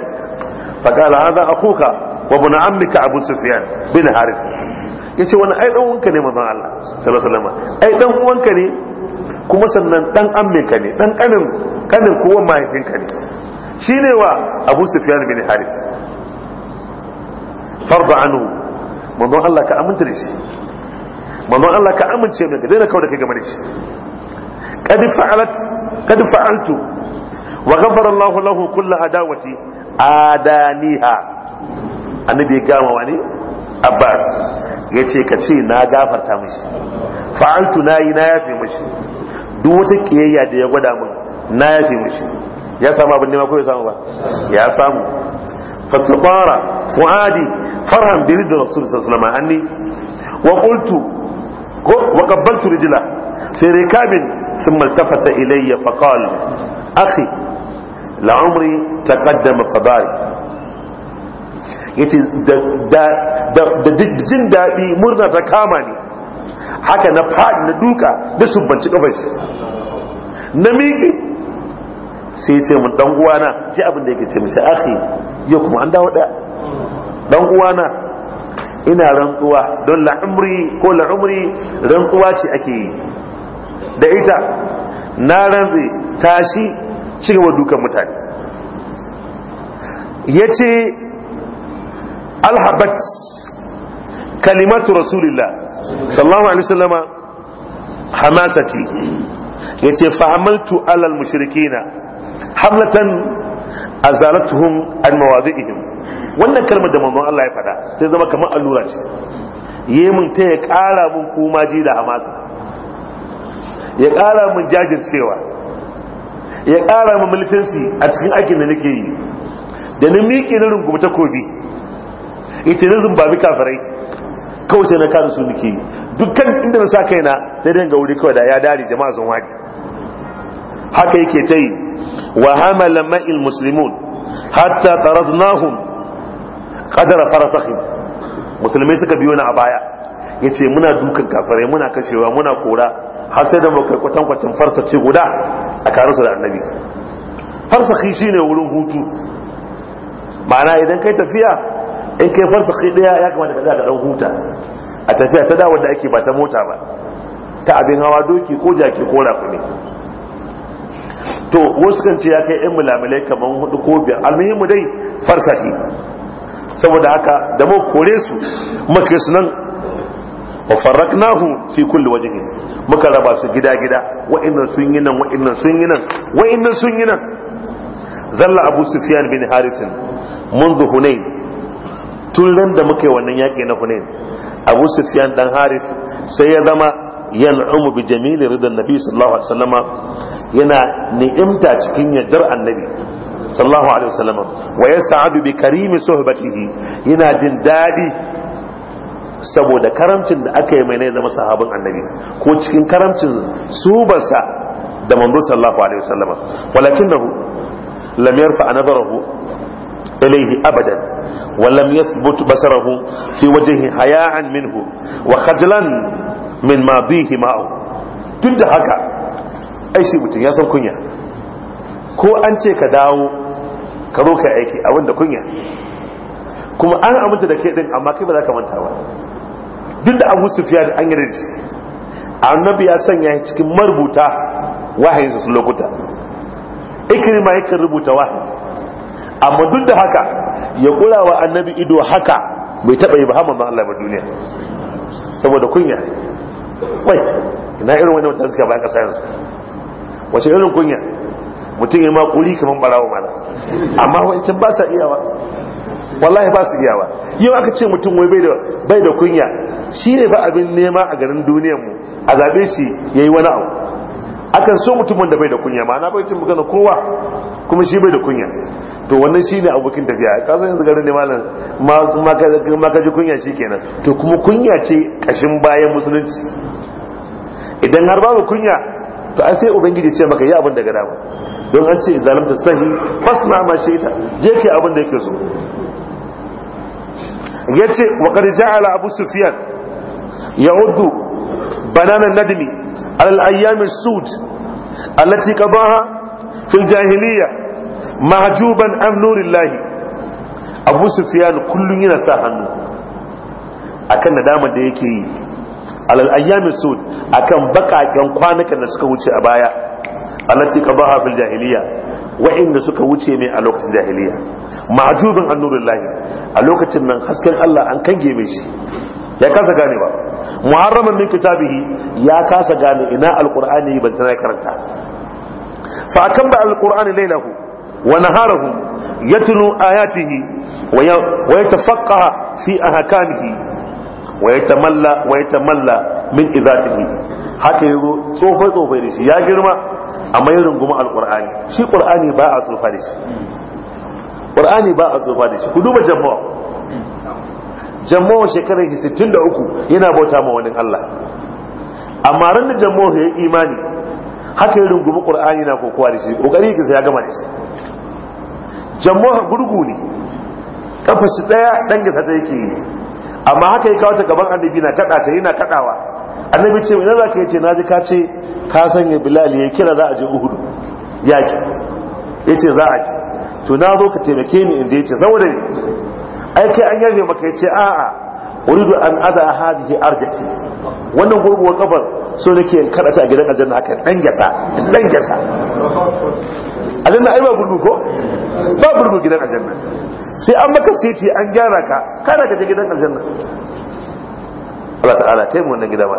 faqala haza akuka, wa ibn ammika abu sufyan bin haris yace wannan ai dan uwanka ne manzon Allah sallallahu alaihi wasallam ai dan uwanka ne kuma sannan dan amminka ne dan kanin kanin kowa mahaifinka ne shine wa abu sufyan bin haris farda anhu manzon Allah ka aminta da shi manzon Allah ka amince mai ka daina kawai da kai game da shi qad fa'alat fa'altu wa ghafara Allah lahu kull adawati adaniha annabi gama wani abbas yace ka ce na gafarta mishi fa'altu na yi na yafe mishi duk wata kiyayya da ya gwada min na yafe mishi ya samu abin nema ko ya samu ba ya samu فطار فؤادي فرحا برد رسول صلى الله عليه وسلم وقلت وقبلت رجله في ركاب ثم التفت إلي فقال أخي لعمري تقدم صباري yace da jin daɗi murna ta kama ni haka na faɗi na duka da subbanci ƙafar shi na miƙe sai ce mun ɗan uwana ji abin da yake ce mishi akhi yau kuma an dawo ɗaya. dan uwana ina rantsuwa don la'umri ko la'umri rantsuwa ce ake yi da ita na rantsi tashi cigaba dukan mutane ya ce alhabat kalimatu rasulillah sallallahu alaihi wasallama hamasati ya ce alal mushrikina hamlatan azalatuhum an mawadhi'ihim wannan kalmar da manzon Allah ya faɗa sai zama kamar allura ce yemin ta ya ƙara mun ji da hamasa ya ƙara mun jajircewa ya ƙara mun militansi a cikin aikin da nake yi da ni miƙe na rungume takobi ita na bi kafirai kawai sai na kada su nake yi dukkan inda na sa kaina sai ga wuri kawai da ya dare jama'a sun wani haka yake ta yi wa hamala ma'il muslimun hatta taraznahum qadara farasakhin musulmai suka biyo na a baya yace muna dukan kafirai muna kashewa muna kora har sai da muka kwatan kwatan ce guda a karu da annabi farsakhi shine wurin hutu ma'ana idan kai tafiya in kai farsakhi daya ya kamata ka daga dan huta a tafiya ta dawo da ake ba ta mota ba ta abin hawa doki ko jaki ko ne to wasu kan ce ya kai yan mulamulai kamar hudu ko biyar mu dai farsahi saboda haka da mu kore su muka su nan wa farraknahu fi kulli wajhin muka raba su gida gida wa'annan sun yi nan wa'annan sun yi nan wa'annan sun yi nan zalla abu sufyan bin haritin منذ hunain tun ran da muka yi wannan yaki na hunain abu sufyan dan harith sai ya zama yal'umu bi jamili ridan nabi sallallahu alaihi wasallama yana ni'imta cikin yardar annabi sallallahu alaihi wasallama wa yas'adu bi karimi suhbatihi yana jin daɗi saboda karamcin da aka yi mai ne zama annabi ko cikin karamcin subarsa da manzo sallallahu alaihi wasallama walakinahu lam yarfa nazarahu إليه أبدا ولم يثبت بصره في وجهه حياء منه وخجلا min madihi ma'u duk da haka ai shi mutum ya san kunya ko an ce ka dawo ka zo ka aiki abin da kunya kuma an aminta da ke din amma kai ba za ka manta ba duk da abu sufiya an yi rinji annabi ya sanya cikin marubuta wahayin su lokuta ikrima yakan rubuta wahayi amma duk da haka ya kula wa annabi ido haka bai taɓa yi ba hama ma Allah ba duniya saboda kunya wai ina irin wani mutane suka baya kasa yanzu wace irin kunya mutum ya makuli kamar barawa mana amma wancan ba sa iyawa wallahi ba su iyawa yau aka ce mutum wai bai da kunya shi ne ba abin nema a garin duniyar mu a zabe shi yayi wani abu akan so mutumin da bai da kunya ma na bai cin magana kowa kuma shi bai da kunya to wannan shi ne abokin tafiya ka san yanzu garin ne malam ma ka ji kunya shi kenan to kuma kunya ce kashin bayan musulunci idan har babu kunya to a sai ubangiji ce maka yi abin da gada ba don an ce zalimta sahi fasna ma shi ta je ke abin da yake so yace wa qad ja'ala abu sufyan ya'uddu bananan nadmi على ayyamin sud التي قضاها في الجاهلية محجوبا عن نور الله أبو سفيان كل ينسى عنه akan nadamar da yake yi alal ayyamin sud akan bakaken kwanakan da suka wuce a baya allati qadaha fil jahiliya wa'inda suka wuce ne a lokacin jahiliya ma'jubin annurillahi a lokacin nan hasken Allah an kange mai shi ya kasa ba. muharraman min kitabihi ya kasa gane ina alqur'ani ban tana karanta fa akan ba alqur'ani lailahu wa naharahu yatlu ayatihi wa yatafaqaha fi ahkamihi wa yatamalla wa yatamalla min idatihi haka yazo tsofa tsofa da shi ya girma amma ya runguma alqur'ani shi qur'ani ba a tsofa da shi qur'ani ba a tsofa da shi ku duba jama'a jammawan shekarar uku yana bauta ma wani Allah amma ran da ya yi imani haka ya rungumi qur'ani na kokowa da shi kokari yake sai ya gama da shi jammawan gurgu ne kafa shi ɗan dan gasa ta yake yi amma haka ya kawo ta gaban annabi na kaɗa ta yana kaɗawa. annabi ce ina zaka yace naji ka ce ka sanya bilal ya kira za a je uhud yaki ce za a ce to na zo ka taimake ni in je yace saboda ai kai an yaje maka yace a'a uridu an ada hadhihi arjati wannan gurguwar kafar so nake in kada ta a gidan aljanna haka dan gasa dan gasa aljanna ai ba gurgu ko ba gurgu gidan aljanna sai an maka siti an gyara ka kana ka je gidan aljanna Allah ta'ala kai mu wannan gida ba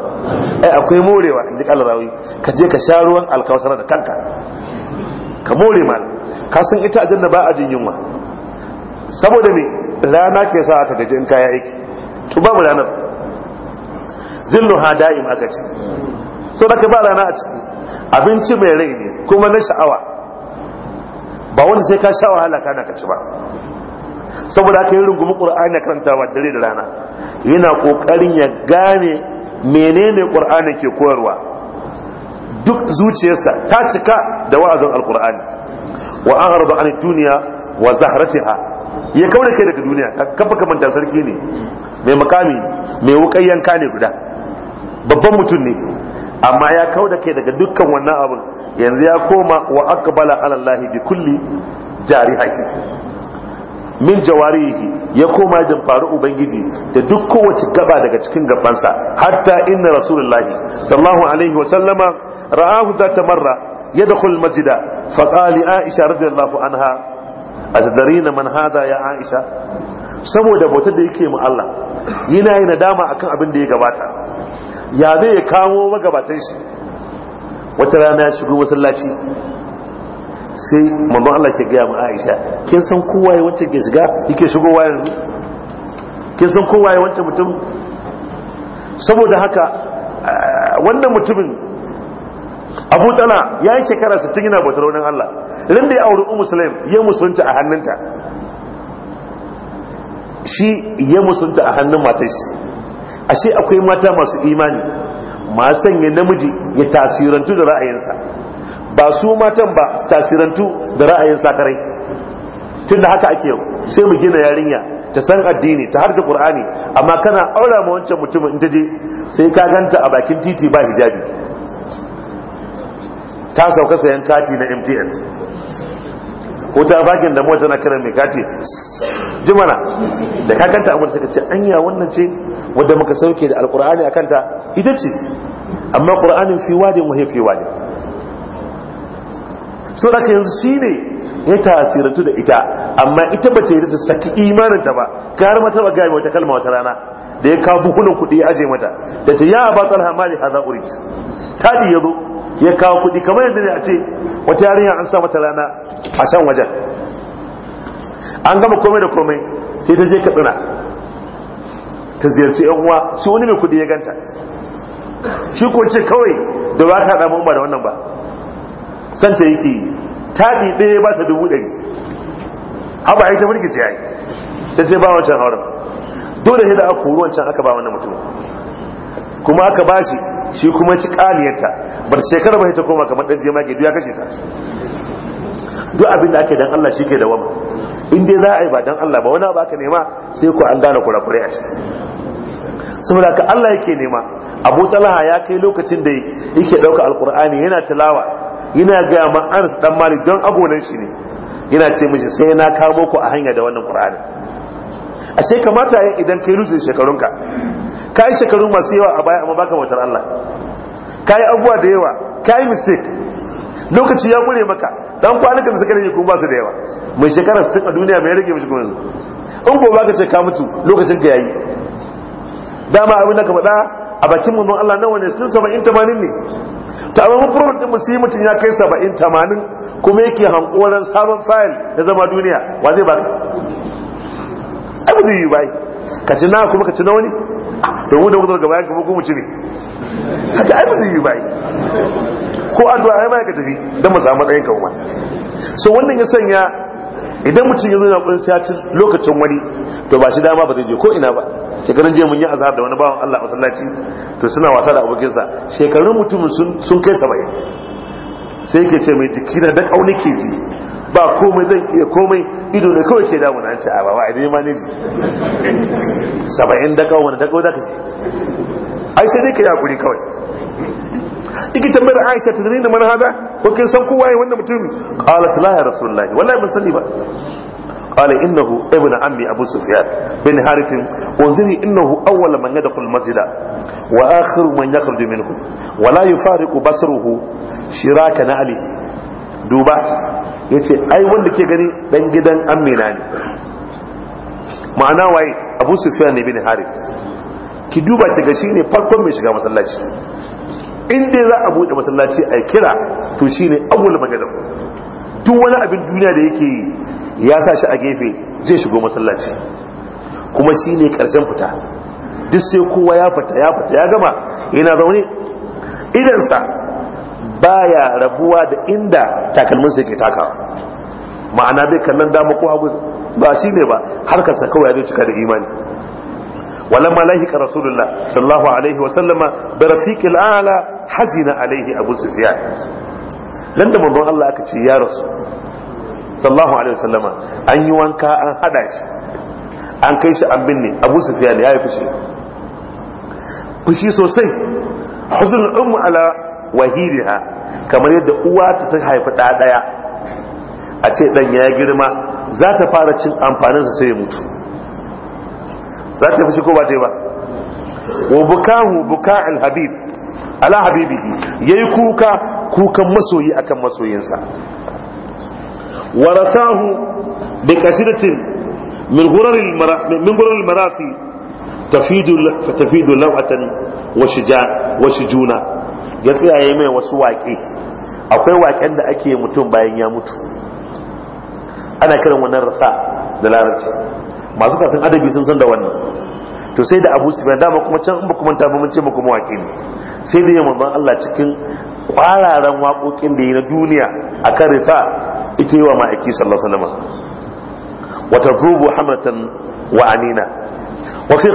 ai akwai morewa in ji rawi ka je ka sha ruwan alkawsara da kanka ka more ma ka san ita aljanna ba a jin yunwa saboda me rana ke sa aka gaji in kaya aiki to babu ranar ha da'im aka ce so da ba rana a ciki abinci mai rai ne kuma na sha'awa ba wani sai ka sha wahala kana ka ci ba saboda aka yi rungumi qur'ani karanta ba dare da rana yana kokarin ya gane menene qur'ani ke koyarwa duk zuciyarsa ta cika da wa'azin alqur'ani wa aghrada an duniya wa zahratiha ya kauda kai daga duniya kafa kamanta sarki ne mai makami mai wukan yanka ne guda babban mutum ne amma ya kauda kai daga dukkan wannan abin yanzu ya koma wa aka ala Allah bi kulli jarihi min yake ya koma da faru ubangiji da duk kowace gaba daga cikin gabansa hatta inna rasulullahi sallallahu alaihi wa sallama ra'ahu zata marra yadkhul masjida fa qala aisha radiyallahu anha azdarina man hada ya aisha saboda bautar da yake mu Allah yana yi nadama akan abin da ya gabata ya zai ya kamo magabatan shi wata rana ya shigo masallaci sai manzon Allah ke gaya mu Aisha kin san kowa ya wacce ke shiga yake shigowa yanzu kin san kowa ya wacce mutum saboda haka wannan mutumin abu tsala ya yi shekara 60 yana bautar wani allah idan da ya auri umu sulaim ya musulunta a hannunta shi ya musulunta a hannun matar shi ashe akwai mata masu imani masu sanya namiji ya tasirantu da ra'ayinsa ba su matan ba su tasirantu da ra'ayin sakarai da haka ake yau sai mu gina yarinya ta san addini ta harta qur'ani amma kana aura ma wancan mutumin in ta je sai ka ganta a bakin titi ba hijabi ta sauka sayan kati na mtn ko ta bakin da mota na kiran mai kati jimana da kakanta abin suka ce anya wannan ce wadda muka sauke da alkur'ani a kanta ita ce amma kur'anin fi wadin wahe fi wadin so da ka yanzu shi ne ya tasirantu da ita amma ita ba ta yi da saki imaninta ba kar mata ba gami wata kalma wata rana da ya kawo buhunan kuɗi ya aje mata da ce ya ba tsarha mali haza urit ta ya zo ya kawo kuɗi kamar yadda ne a ce wata yarinya an sa mata rana a can wajen an gama komai da komai sai ta je katsina ta ziyarci yan uwa su wani mai kuɗi ya ganta shi ko ce kawai da ba ta damu ba da wannan ba san ta yake taɗi ɗaya ba ta dubu ɗari haba ya ta mulki ce yayi ta ce ba wancan auren. dole ne da aka kuru wancan aka ba wannan mutum kuma aka ba shi shi kuma ci kaliyarta ba ta shekara ba ta koma kamar ɗan jemage duk ya kashe ta duk abin da ake dan Allah shi ke da wama in dai za a yi ba dan Allah ba wani abu aka nema sai ku an gane kurakurai a ciki saboda ka Allah yake nema Abu talaha ya kai lokacin da yake ɗauka alkur'ani yana tilawa yana gaya ma su dan mali don agonan shi ne yana ce mishi sai na kamo ku a hanya da wannan kur'ani ashe kamata ya idan kai rufe shekarunka ka yi shekaru masu yawa a baya amma baka bautar Allah ka yi abubuwa da yawa ka yi mistake lokaci ya kure maka dan kwanukan da suka rage kuma ba su da yawa mai shekara 60 a duniya mai rage mishi kuma yanzu in ko baka ce ka mutu lokacin ka yayi dama abin da ka faɗa a bakin mu Allah nawa ne sun 70 80 ne ta amma problem din mutum ya kai 70 80 kuma yake hankoran sabon file ya zama duniya wa zai baka ai bai ka ci na kuma ka ci na wani domin da muka gaba ya kuma kuma ci ne Ka ci ba yi bai ko addu'a ai bai ka tafi don mu samu matsayin ka kuma so wannan ya sanya idan mutum ya zo na kudin ci lokacin wani to ba shi dama ba zai je ko ina ba shekarun jiya mun yi azhar da wani bawan Allah a masallaci to suna wasa da abokinsa shekarun mutumin sun kai saba'in sai yake ce mai jiki na da kauni ke ji ba komai zan iya komai ido ne kawai ke damu na ce a ba a ma ne saba'in daga wani daga za ka ci ai sai dai ka yi kawai iki tambayar aisha ta zini da mana haza ko kin san kowa wanda mutum mutumi qalat la ya rasulullahi wallahi ban sani ba قال إنه ابن عمي da سفيان بن حارث وانظري إنه أول من يدخل المسجد وآخر من يخرج منه ولا يفارق بصره شراك نعله duba ya ce ai wanda ke gani dan gidan amina ne ma'ana waye abu sufiyan ne bin haris ki duba ki ga shine farkon mai shiga masallaci in dai za a bude masallaci a kira to shine awwal magadan duk wani abin duniya da yake ya sa shi a gefe zai shigo masallaci kuma shine karshen fita duk sai kowa ya fita ya fita ya gama yana zaune sa. baya rabuwa da inda takalmin sai ke taka ma'ana dai kallon damu ko hagu ba shi ne ba har kasa kawai ya zai cika da imani walan malahi ka rasulullah sallallahu alaihi wa sallama bi rafiqil ala hazina alaihi abu sufyan landa manzon Allah aka ce ya rasul sallallahu alaihi wa sallama an yi wanka an hada shi an kai shi an binne abu sufyan ya yi fushi fushi sosai huzun ummu ala wahiriha kamar yadda uwa ta ta haifi ɗa ɗaya a ce ɗan ya girma za ta fara cin amfanin amfaninsa sai ya mutu za ta fi ko ba ta yi ba wa bukahu buka'il habib ala habibi yayi kuka kukan masoyi akan masoyinsa warasahu bi kasidatin min marafi min marasi tafidu tafidu lawatan wa shija wa shujuna ya tsaye ya yi mai wasu waƙe akwai waƙen da ake mutum bayan ya mutu ana kiran wannan rasa da larabci masu kasan adabi sun san da wannan to sai da abu sufyan dama kuma can ba kuma tabi mun ce muku mawaƙi ne sai da yamma Allah cikin kwararan waƙoƙin da yi na duniya a kan risa ita yi wa ma'aiki sallallahu alaihi wata zubu hamatan wa Amina. wa fi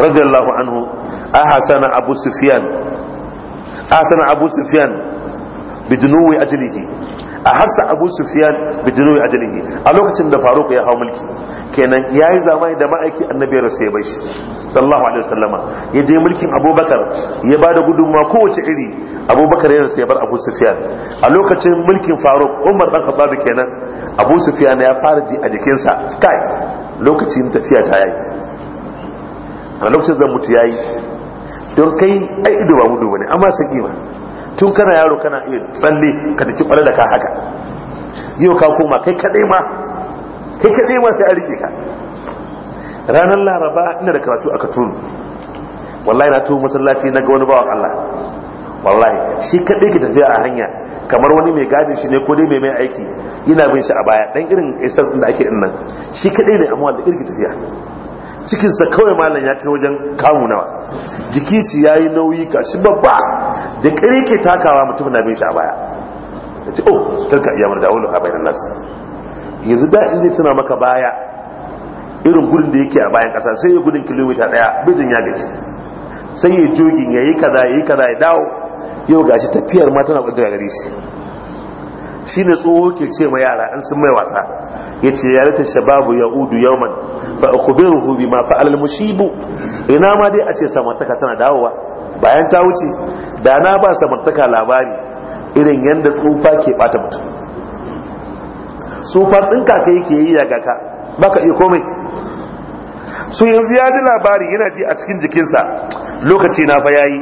radiyallahu anhu ahsana abu sufyan asana abu sufyan bidnuwi ajlihi a hassa abu sufyan bidnuwi ajlihi a lokacin da faruk ya hau mulki kenan yayi zamani da ma'aiki annabi ya ya bai shi sallallahu alaihi wasallama ya je mulkin abubakar ya ba da kowace iri abubakar ya rasu ya bar abu sufyan a lokacin mulkin faruk umar dan khattab kenan abu sufyan ya fara ji a jikinsa kai lokacin tafiya ta yayi a lokacin zan mutu yayi don kai ai ido ba gudu bane amma saki ma tun kana yaro kana iya tsalle ka tafi kwale da ka haka yau ka koma kai kadai ma kai kadai ma sai a rike ka ranar laraba ina da karatu aka tunu wallahi na tu masallaci na ga wani bawan Allah wallahi shi kadai ki tafiya a hanya kamar wani mai gadin shi ne ko dai mai mai aiki ina bin shi a baya dan irin isar da ake din nan shi kadai ne amma da irki tafiya cikinsa kawai malam ya kai wajen kamu nawa jiki shi yayi yi nauyi shi babba da kare ke takawa mutum na bin shi a baya ya ce oh tarka iya murda wani a bayan nasu yanzu da in suna maka baya irin gudun da yake a bayan kasa sai ya gudun kilomita daya bijin ya gaji sai ya jogin ya yi kaza ya yi kaza ya dawo yau gashi tafiyar ma tana kwanci gare shi shi ne tsoho ke ce ma yara an sun mai wasa ya ce ya rata shababu ya udu yauman fa akhbiruhu bima fa'ala mushibu ina ma dai a ce samartaka tana dawowa bayan ta wuce da na ba samartaka labari irin yadda tsufa ke bata mutum tsufa tsinka kai yake yi daga ka baka iya komai su yanzu ya ji labari yana ji a cikin jikinsa lokaci na fa yayi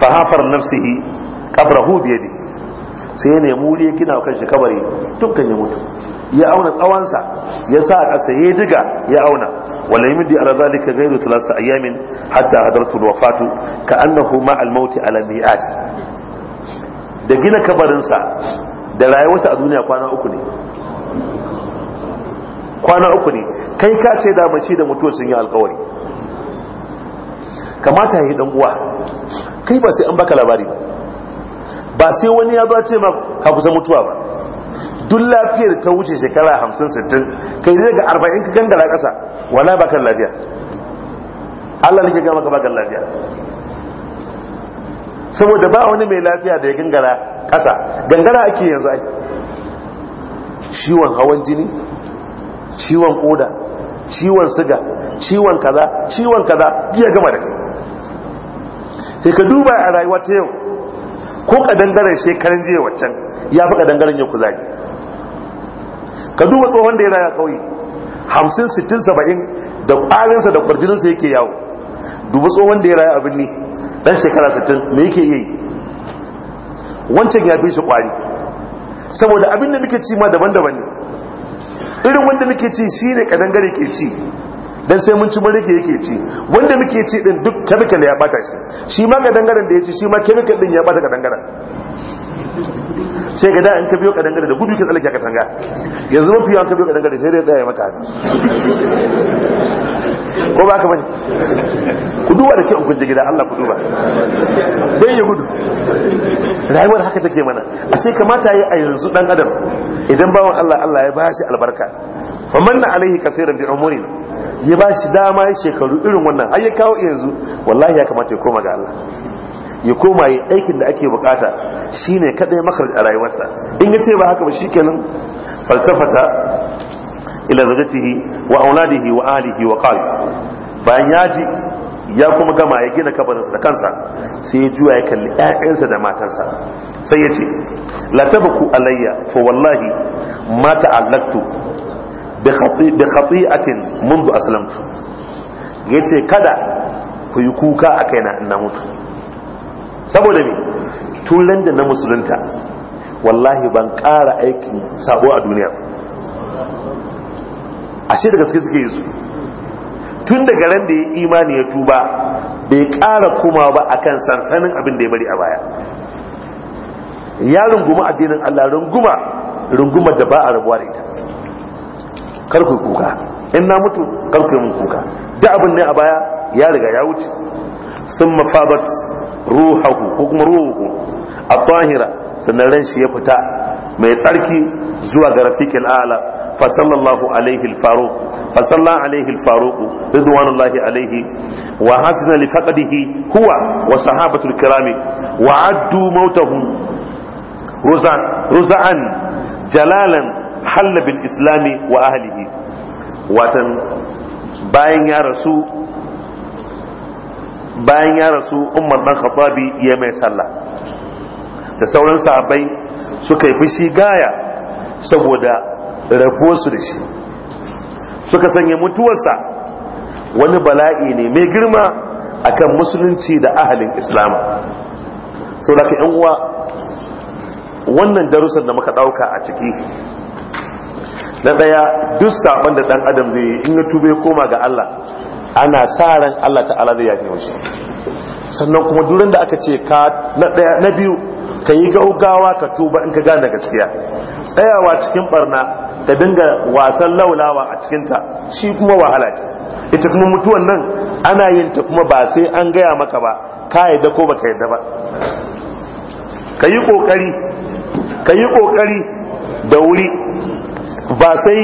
fa hafar nafsihi qabrahu bi sai ya nemi wuri ya gina kan shi kabari dukkan ya mutu ya auna tsawansa ya sa a ƙasa ya diga ya auna wala yi midi ala ka gairu salasta ayyamin hatta hadartu wafatu ka annahu ma al ala mi'at da gina kabarinsa da rayuwarsa a duniya kwana uku ne kwana uku ne kai ka ce da mace da mutuwa sun yi alkawari kamata ya yi dan uwa kai ba sai an baka labari ba ba sai wani ya zo ce ma ka kusa mutuwa ba duk lafiyar ta wuce shekara hamsin 60 kai daga arba'in ka gangara ƙasa wala ba kan lafiya Allah nake gama ka ba kan lafiya saboda ba wani mai lafiya da ya gangara ƙasa gangara ake yanzu ai ciwon hawan jini ciwon koda ciwon siga ciwon kaza ciwon kaza ya gama da kai sai ka duba a rayuwa ta yau ko kadangaren shekaran jiya waccan ya fi kadangaren ya kuzari ka duba tsohon da ya raya kauye hamsin sittin saba'in da ƙwarinsa da ƙwarjininsa yake yawo duba tsohon da ya raya abin ne ɗan shekara sittin me yake iya yi wancan ya fi shi ƙwari saboda abin da muke ci ma daban-daban ne irin wanda muke ci shi ne kadangare ke ci dan sai mun ci ke yake ci wanda muke ci din duk chemical ya bata shi shi ma ga dangaren da ya ci shi ma chemical din ya bata ga dangaren sai ga da an ka biyo ka kadangare da gudu ka tsallake ka tanga yanzu mafi yawan ka biyo ka kadangare sai dai tsaya maka ko ba ka bani ku duba da ke in kunje gida Allah ku duba dai ya gudu rayuwar haka take mana ashe kamata yi a yanzu dan adam idan bawan Allah Allah ya bashi albarka famanna alaihi kaseeran bi umurin ya ba shi dama ya shekaru irin wannan har ya kawo yanzu wallahi ya kamata ya koma ga Allah ya koma yi aikin da ake bukata shine kadai makar a rayuwarsa in ya ce ba haka ba shikenan faltafata ila zagatihi wa auladihi wa alihi wa qala bayan ya ji ya kuma gama ya gina kabarinsa da kansa sai ya juya ya kalli ƴaƴansa da matansa sai ya ce la tabaku alayya fa wallahi ma ta'allaqtu bi khati'atin mundu aslamtu yace kada ku yi kuka a kaina in na mutu saboda me tun da na musulunta wallahi ban ƙara aikin sabo a duniya ashe daga suke suke yi tun daga ran da ya imani ya tuba bai ƙara kuma ba akan sansanin abin da ya bari a baya ya runguma addinin Allah runguma runguma da ba a rabuwa da ita kar kuka in na mutu kar mun kuka duk abin ne a baya ya riga ya wuce sun mafabat ruhaku ko kuma ruhu a tahira sannan ran shi ya fita mai tsarki zuwa ga rafikin ala fa sallallahu alaihi al-faruq alaihi al-faruq alaihi wa hasna li faqdihi huwa wa sahabatul kirami wa addu mautahum ruzan ruzan jalalan halla islami wa ahlihi watan bayan ya rasu bayan ya rasu umar dan khattabi ya mai sallah da sauran sahabbai suka yi fushi gaya saboda rabuwarsu da shi suka sanya mutuwarsa wani bala'i ne mai girma akan musulunci da ahalin islama sau da ka uwa wannan darussan da muka ɗauka a ciki na ɗaya duk saɓon da ɗan adam zai yi in ya tube koma ga Allah ana sa ran Allah ta'ala zai yafe mishi sannan kuma durin da aka ce ka na daya na biyu ka yi gaugawa ka tuba in ka gane gaskiya tsayawa cikin barna ka dinga wasan laulawa a cikinta shi kuma wahala ce ita kuma mutuwan nan ana yin ta kuma ba sai an gaya maka ba ka yadda ko baka yadda ba ka yi kokari ka yi kokari da wuri ba sai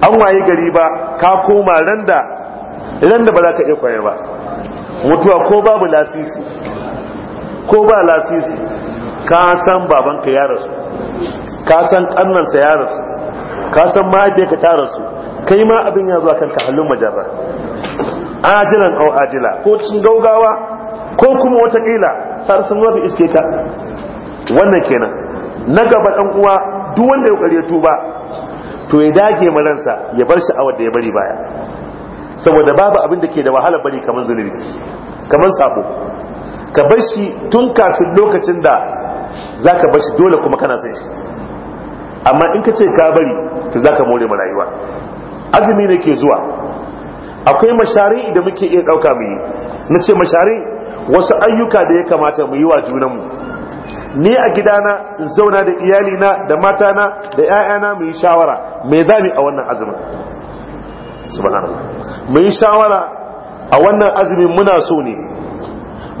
an waye gari ba ka koma randa randa ba za ka iya kwaya ba mutuwa ko babu lasisi ko ba lasisi ka san babanka ya rasu ka san kannansa ya rasu ka san mahaifiyarka ta rasu kai ma abin ya zuwa kanka halin majarra ajilan au ajila ko cikin gaugawa ko kuma wata kila sar sun wata iske ka wannan kenan na gaba dan uwa duk wanda ya kare tuba to ya dage maransa ya bar shi awar da ya bari baya saboda babu abin da ke da wahalar bari kamar zunubi kamar sabo ka bar shi tun kafin lokacin da za ka bar shi dole kuma kana son shi amma in ka ce ka bari to za ka more ma rayuwa azumi ne ke zuwa akwai mashari da muke iya ɗauka mu yi na ce mashari wasu ayyuka da ya kamata mu yi wa junanmu ni a gidana in zauna da iyalina da matana da 'ya'yana mu yi shawara me za mu a wannan azumin subhanallah mu yi shawara a wannan azumin muna so ne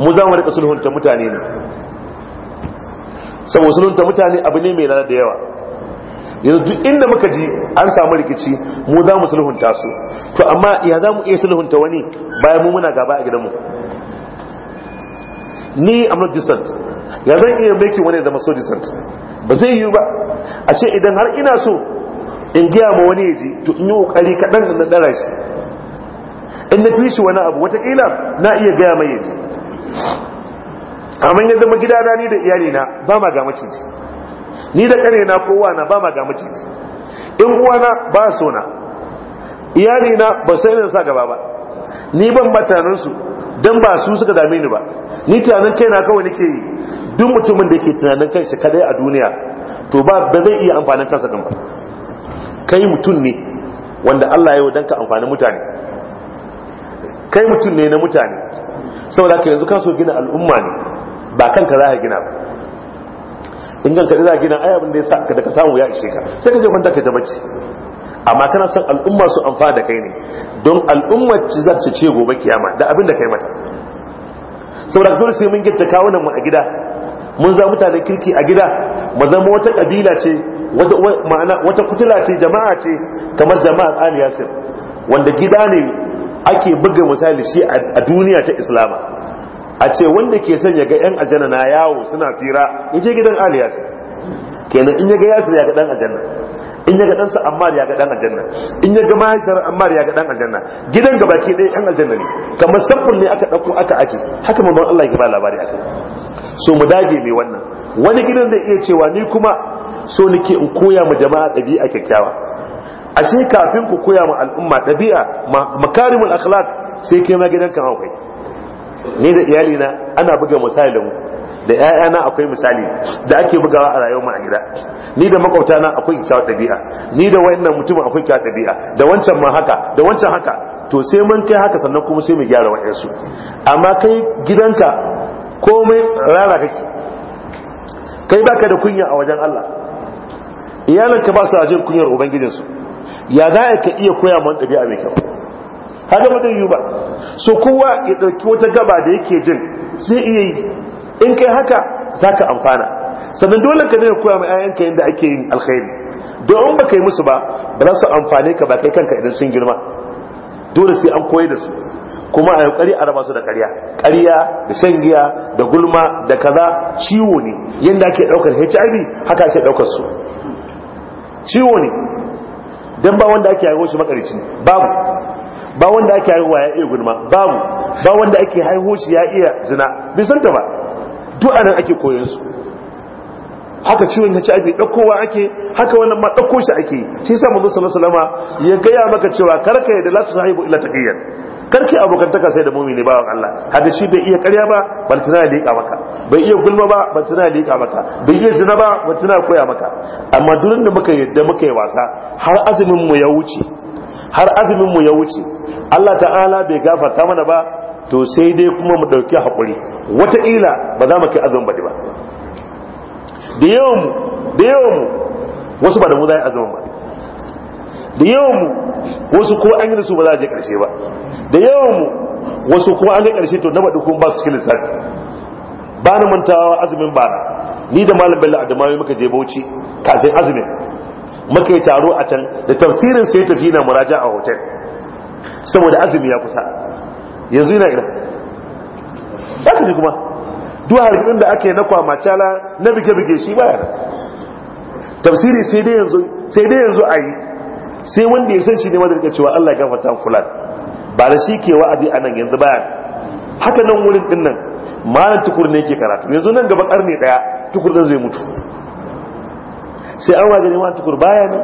mu zama da sulhunta mutane ne saboda sulhunta mutane abu ne mai lada da yawa yanzu duk inda muka ji an samu rikici mu za mu sulhunta su to amma ya za mu iya sulhunta wani bayan mu muna gaba a gidanmu ni amma distance ya zan iya maki wani zama so distant ba zai yi ba a ce idan har ina so in gaya ma wani ya ji to in yi kokari kaɗan da na ɗara shi in na fi shi wani abu watakila na iya gaya mai ya ji amma ya zama gidana ni da iyali na ba ma ga maciji ni da ƙare na kowa na ba ma ga maciji in uwana ba so na Iyali iyalina ba sai na sa gaba ba ni ban mataninsu don ba su suka dame ni ba ni tunanin na kawai nake yi duk mutumin da yake tunanin kansa kadai a duniya to ba ba zai iya amfanin kansa din ba kai mutum ne wanda Allah ya yi wadanka ka amfani mutane kai mutum ne na mutane saboda ka yanzu kan so gina al'umma ne ba kanka za ka gina ba in ganka da za ka gina ai abin da ya da ka samu ya ishe ka sai ka je kwanta ka ta amma kana son al'umma su amfana da kai ne don al'ummar ci za ta ce gobe kiyama da abin da kai mata saboda dole sai mun gitta kawunan mu a gida mun za mutanen kirki a gida ba zama wata kabila ce wata kutula ce jama'a ce kamar jama'a ali yasir wanda gida ne ake buga misali shi a duniya ta islama a ce wanda ke son ya ga yan ajana na yawo suna fira ya je gidan ali yasir kenan in ya ga yasir ya ga dan aljanna in ya ga ɗansa ammar ya ga ɗan aljanna in ya ga mahaifiyar ammar ya ga ɗan aljanna gidan gabaki ɗaya ɗan aljanna ne kamar samfur ne aka ɗauko aka aji haka mamman allah ya ba labari kai. so mu dage mai wannan wani gidan da iya cewa ni kuma so nake in koya mu jama'a ɗabi'a kyakkyawa ashe kafin ku koya mu al'umma ɗabi'a makarimul akhlaq sai kai ma gidan kan akwai ni da iyalina ana buga misalin mu da ‘ya'yana akwai misali da ake bugawa a rayuwar a gida ni da na akwai kyakkyawa ɗabi'a ni da wannan mutumin akwai kyawar ɗabi'a da wancan ma haka da wancan haka to sai mun kai haka sannan kuma sai mu gyara wa'yansu amma kai gidanka komai rara kake kai baka da kunya a wajen Allah iyalanka ba su ajin kunyar ubangijinsu ya za ka iya koya mun ɗabi'a mai kyau haka mutan zai yi ba so kowa ya ɗauki wata gaba da yake jin sai iya yi in kai haka zaka ka amfana sannan dole ka zai koya mai ayyanka yadda ake yin alkhairi don ba ka yi musu ba ba za su amfane ka ba kai kanka idan sun girma dole sai an koyar da su kuma a yaukari a raba su da ƙarya ƙarya da shan da gulma da kaza ciwo ne yadda ake ɗaukar hiv haka ake ɗaukar su ciwo ne don ba wanda ake haihuwa shi makarici babu ba wanda ake haihuwa ya iya gulma babu ba wanda ake haihuwa ya iya zina bai ba duk anan ake koyon su haka ciwon HIV ɗaukowa ake haka wannan ma ɗauko shi ake shi sa mazu sallallahu salama ya gaya maka cewa karka yadda la tusahibu illa taqiyyan karki abokantaka sai da ne bawan Allah haka shi bai iya karya ba bal tana liƙa maka bai iya gulma ba bal tana liƙa maka bai iya zina ba bal tana koya maka amma durin da muka yadda muka yi wasa har azumin mu ya wuce har azumin mu ya wuce Allah ta'ala bai gafarta mana ba to sai dai kuma mu ɗauki hakuri wataƙila ba za mu kai azumin ba ba da yawan mu da yawan mu wasu ba da mu za a zaman ba da yawan mu wasu ko an yi da su ba za a je karshe ba da yawan mu wasu ko an yi karshe to na baɗi kuma ba su cikin lissafi ba na mantawa azumin ba ni da malam bello adamawa muka je bauchi kafin azumin muka yi taro a can da tafsirin sai tafi na muraja a hotel saboda azumi ya kusa yanzu yana ina azumi kuma duk hargitsin da ake na na kwamacala na bige-bige shi baya da. tafsiri sai dai yanzu a yi sai wanda ya san shi ne madarka cewa Allah ya gafata fulan ba da shi ke wa'azi a nan yanzu baya haka nan wurin din nan malam tukur ne ke karatu yanzu nan gaba karni daya tukur dan zai mutu sai an waje neman tukur baya nan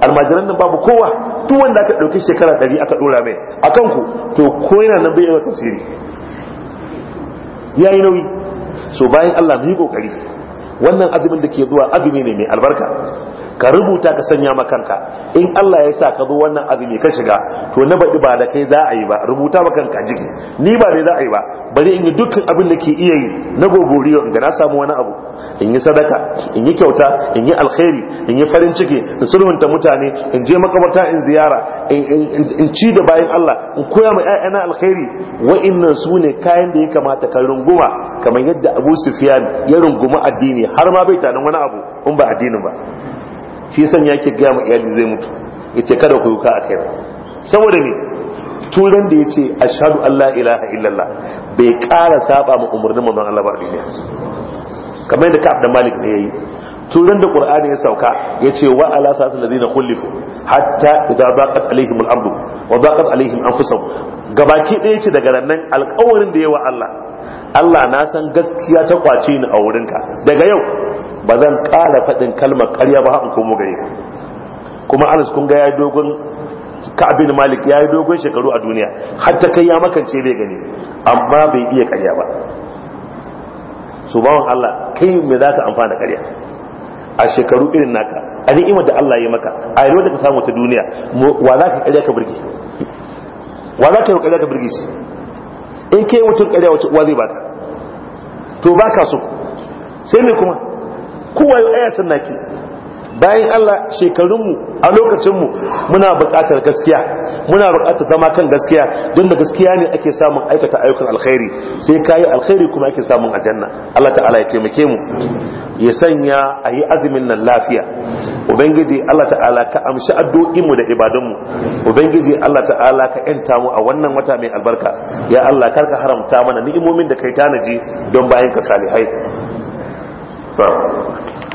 almajiran nan babu kowa tun wanda aka ɗauki shekara ɗari aka dora mai akan ku to ko yana nan bai yi tafsiri yayi nauyi so bayan Allah mu yi kokari wannan azumin da ke zuwa azumi ne mai albarka ka rubuta ka sanya ma kanka in Allah ya sa ka zo wannan azumi ka shiga to na baɗi ba da kai za a yi ba rubuta ma kanka jiki ni ba dai za a yi ba bari in yi dukkan abin da ke iya yi na gogoriyo in ga na samu wani abu in yi sadaka in yi kyauta in yi alkhairi in yi farin ciki in sulhunta mutane in je makabarta in ziyara in ci da bayan Allah in koya ma ƴaƴana alkhairi wa'innan su ne kayan da ya kamata ka runguma kamar yadda Abu Sufyan ya runguma addini har ma bai tanin wani abu in ba addinin ba shi san yake gaya ma iyali zai mutu yace kada ku yuka akai saboda ne turan da yace ashhadu allah ilaha illallah bai kara saba ma umarnin manzon Allah ba duniya kamar yadda Ka'ab da Malik ne yayi turan da Qur'ani ya sauka yace wa ala sa'atul ladina khulifu hatta idza baqat alaihim al-ardu wa baqat alaihim anfusuhum gabaki daya ce daga nan alƙawarin da wa Allah Allah na san gaskiya ta kwace ni a wurinka daga yau ba zan ƙara faɗin kalmar ƙarya ba in komo gare ka kuma Anas kun ga yayi dogon Ka'bin Malik yayi dogon shekaru a duniya har ta kai ya makance bai gani amma bai iya ƙarya ba subhan Allah kai me za ka amfana ƙarya a shekaru irin naka a ni'imar da Allah ya maka a yau da ka samu ta duniya wa za ka ƙarya ka burge wa za ka yi ƙarya ka burge shi in kai mutum kare wa uwa zai baka to baka so sai me kuma kowa ya aya sanna ki bayan Allah shekarunmu a lokacinmu muna buƙatar gaskiya muna buƙatar zama kan gaskiya don da gaskiya ne ake samun aikata ayyukan alkhairi sai ka yi alkhairi kuma ake samun ajanna Allah ta'ala ya taimake mu ya sanya a yi azumin nan lafiya ubangiji Allah ta'ala ka amshi addu'inmu da ibadunmu ubangiji Allah ta'ala ka yanta mu a wannan wata mai albarka ya Allah kar ka haramta mana ni'imomin da kai tanaji don bayan ka salihai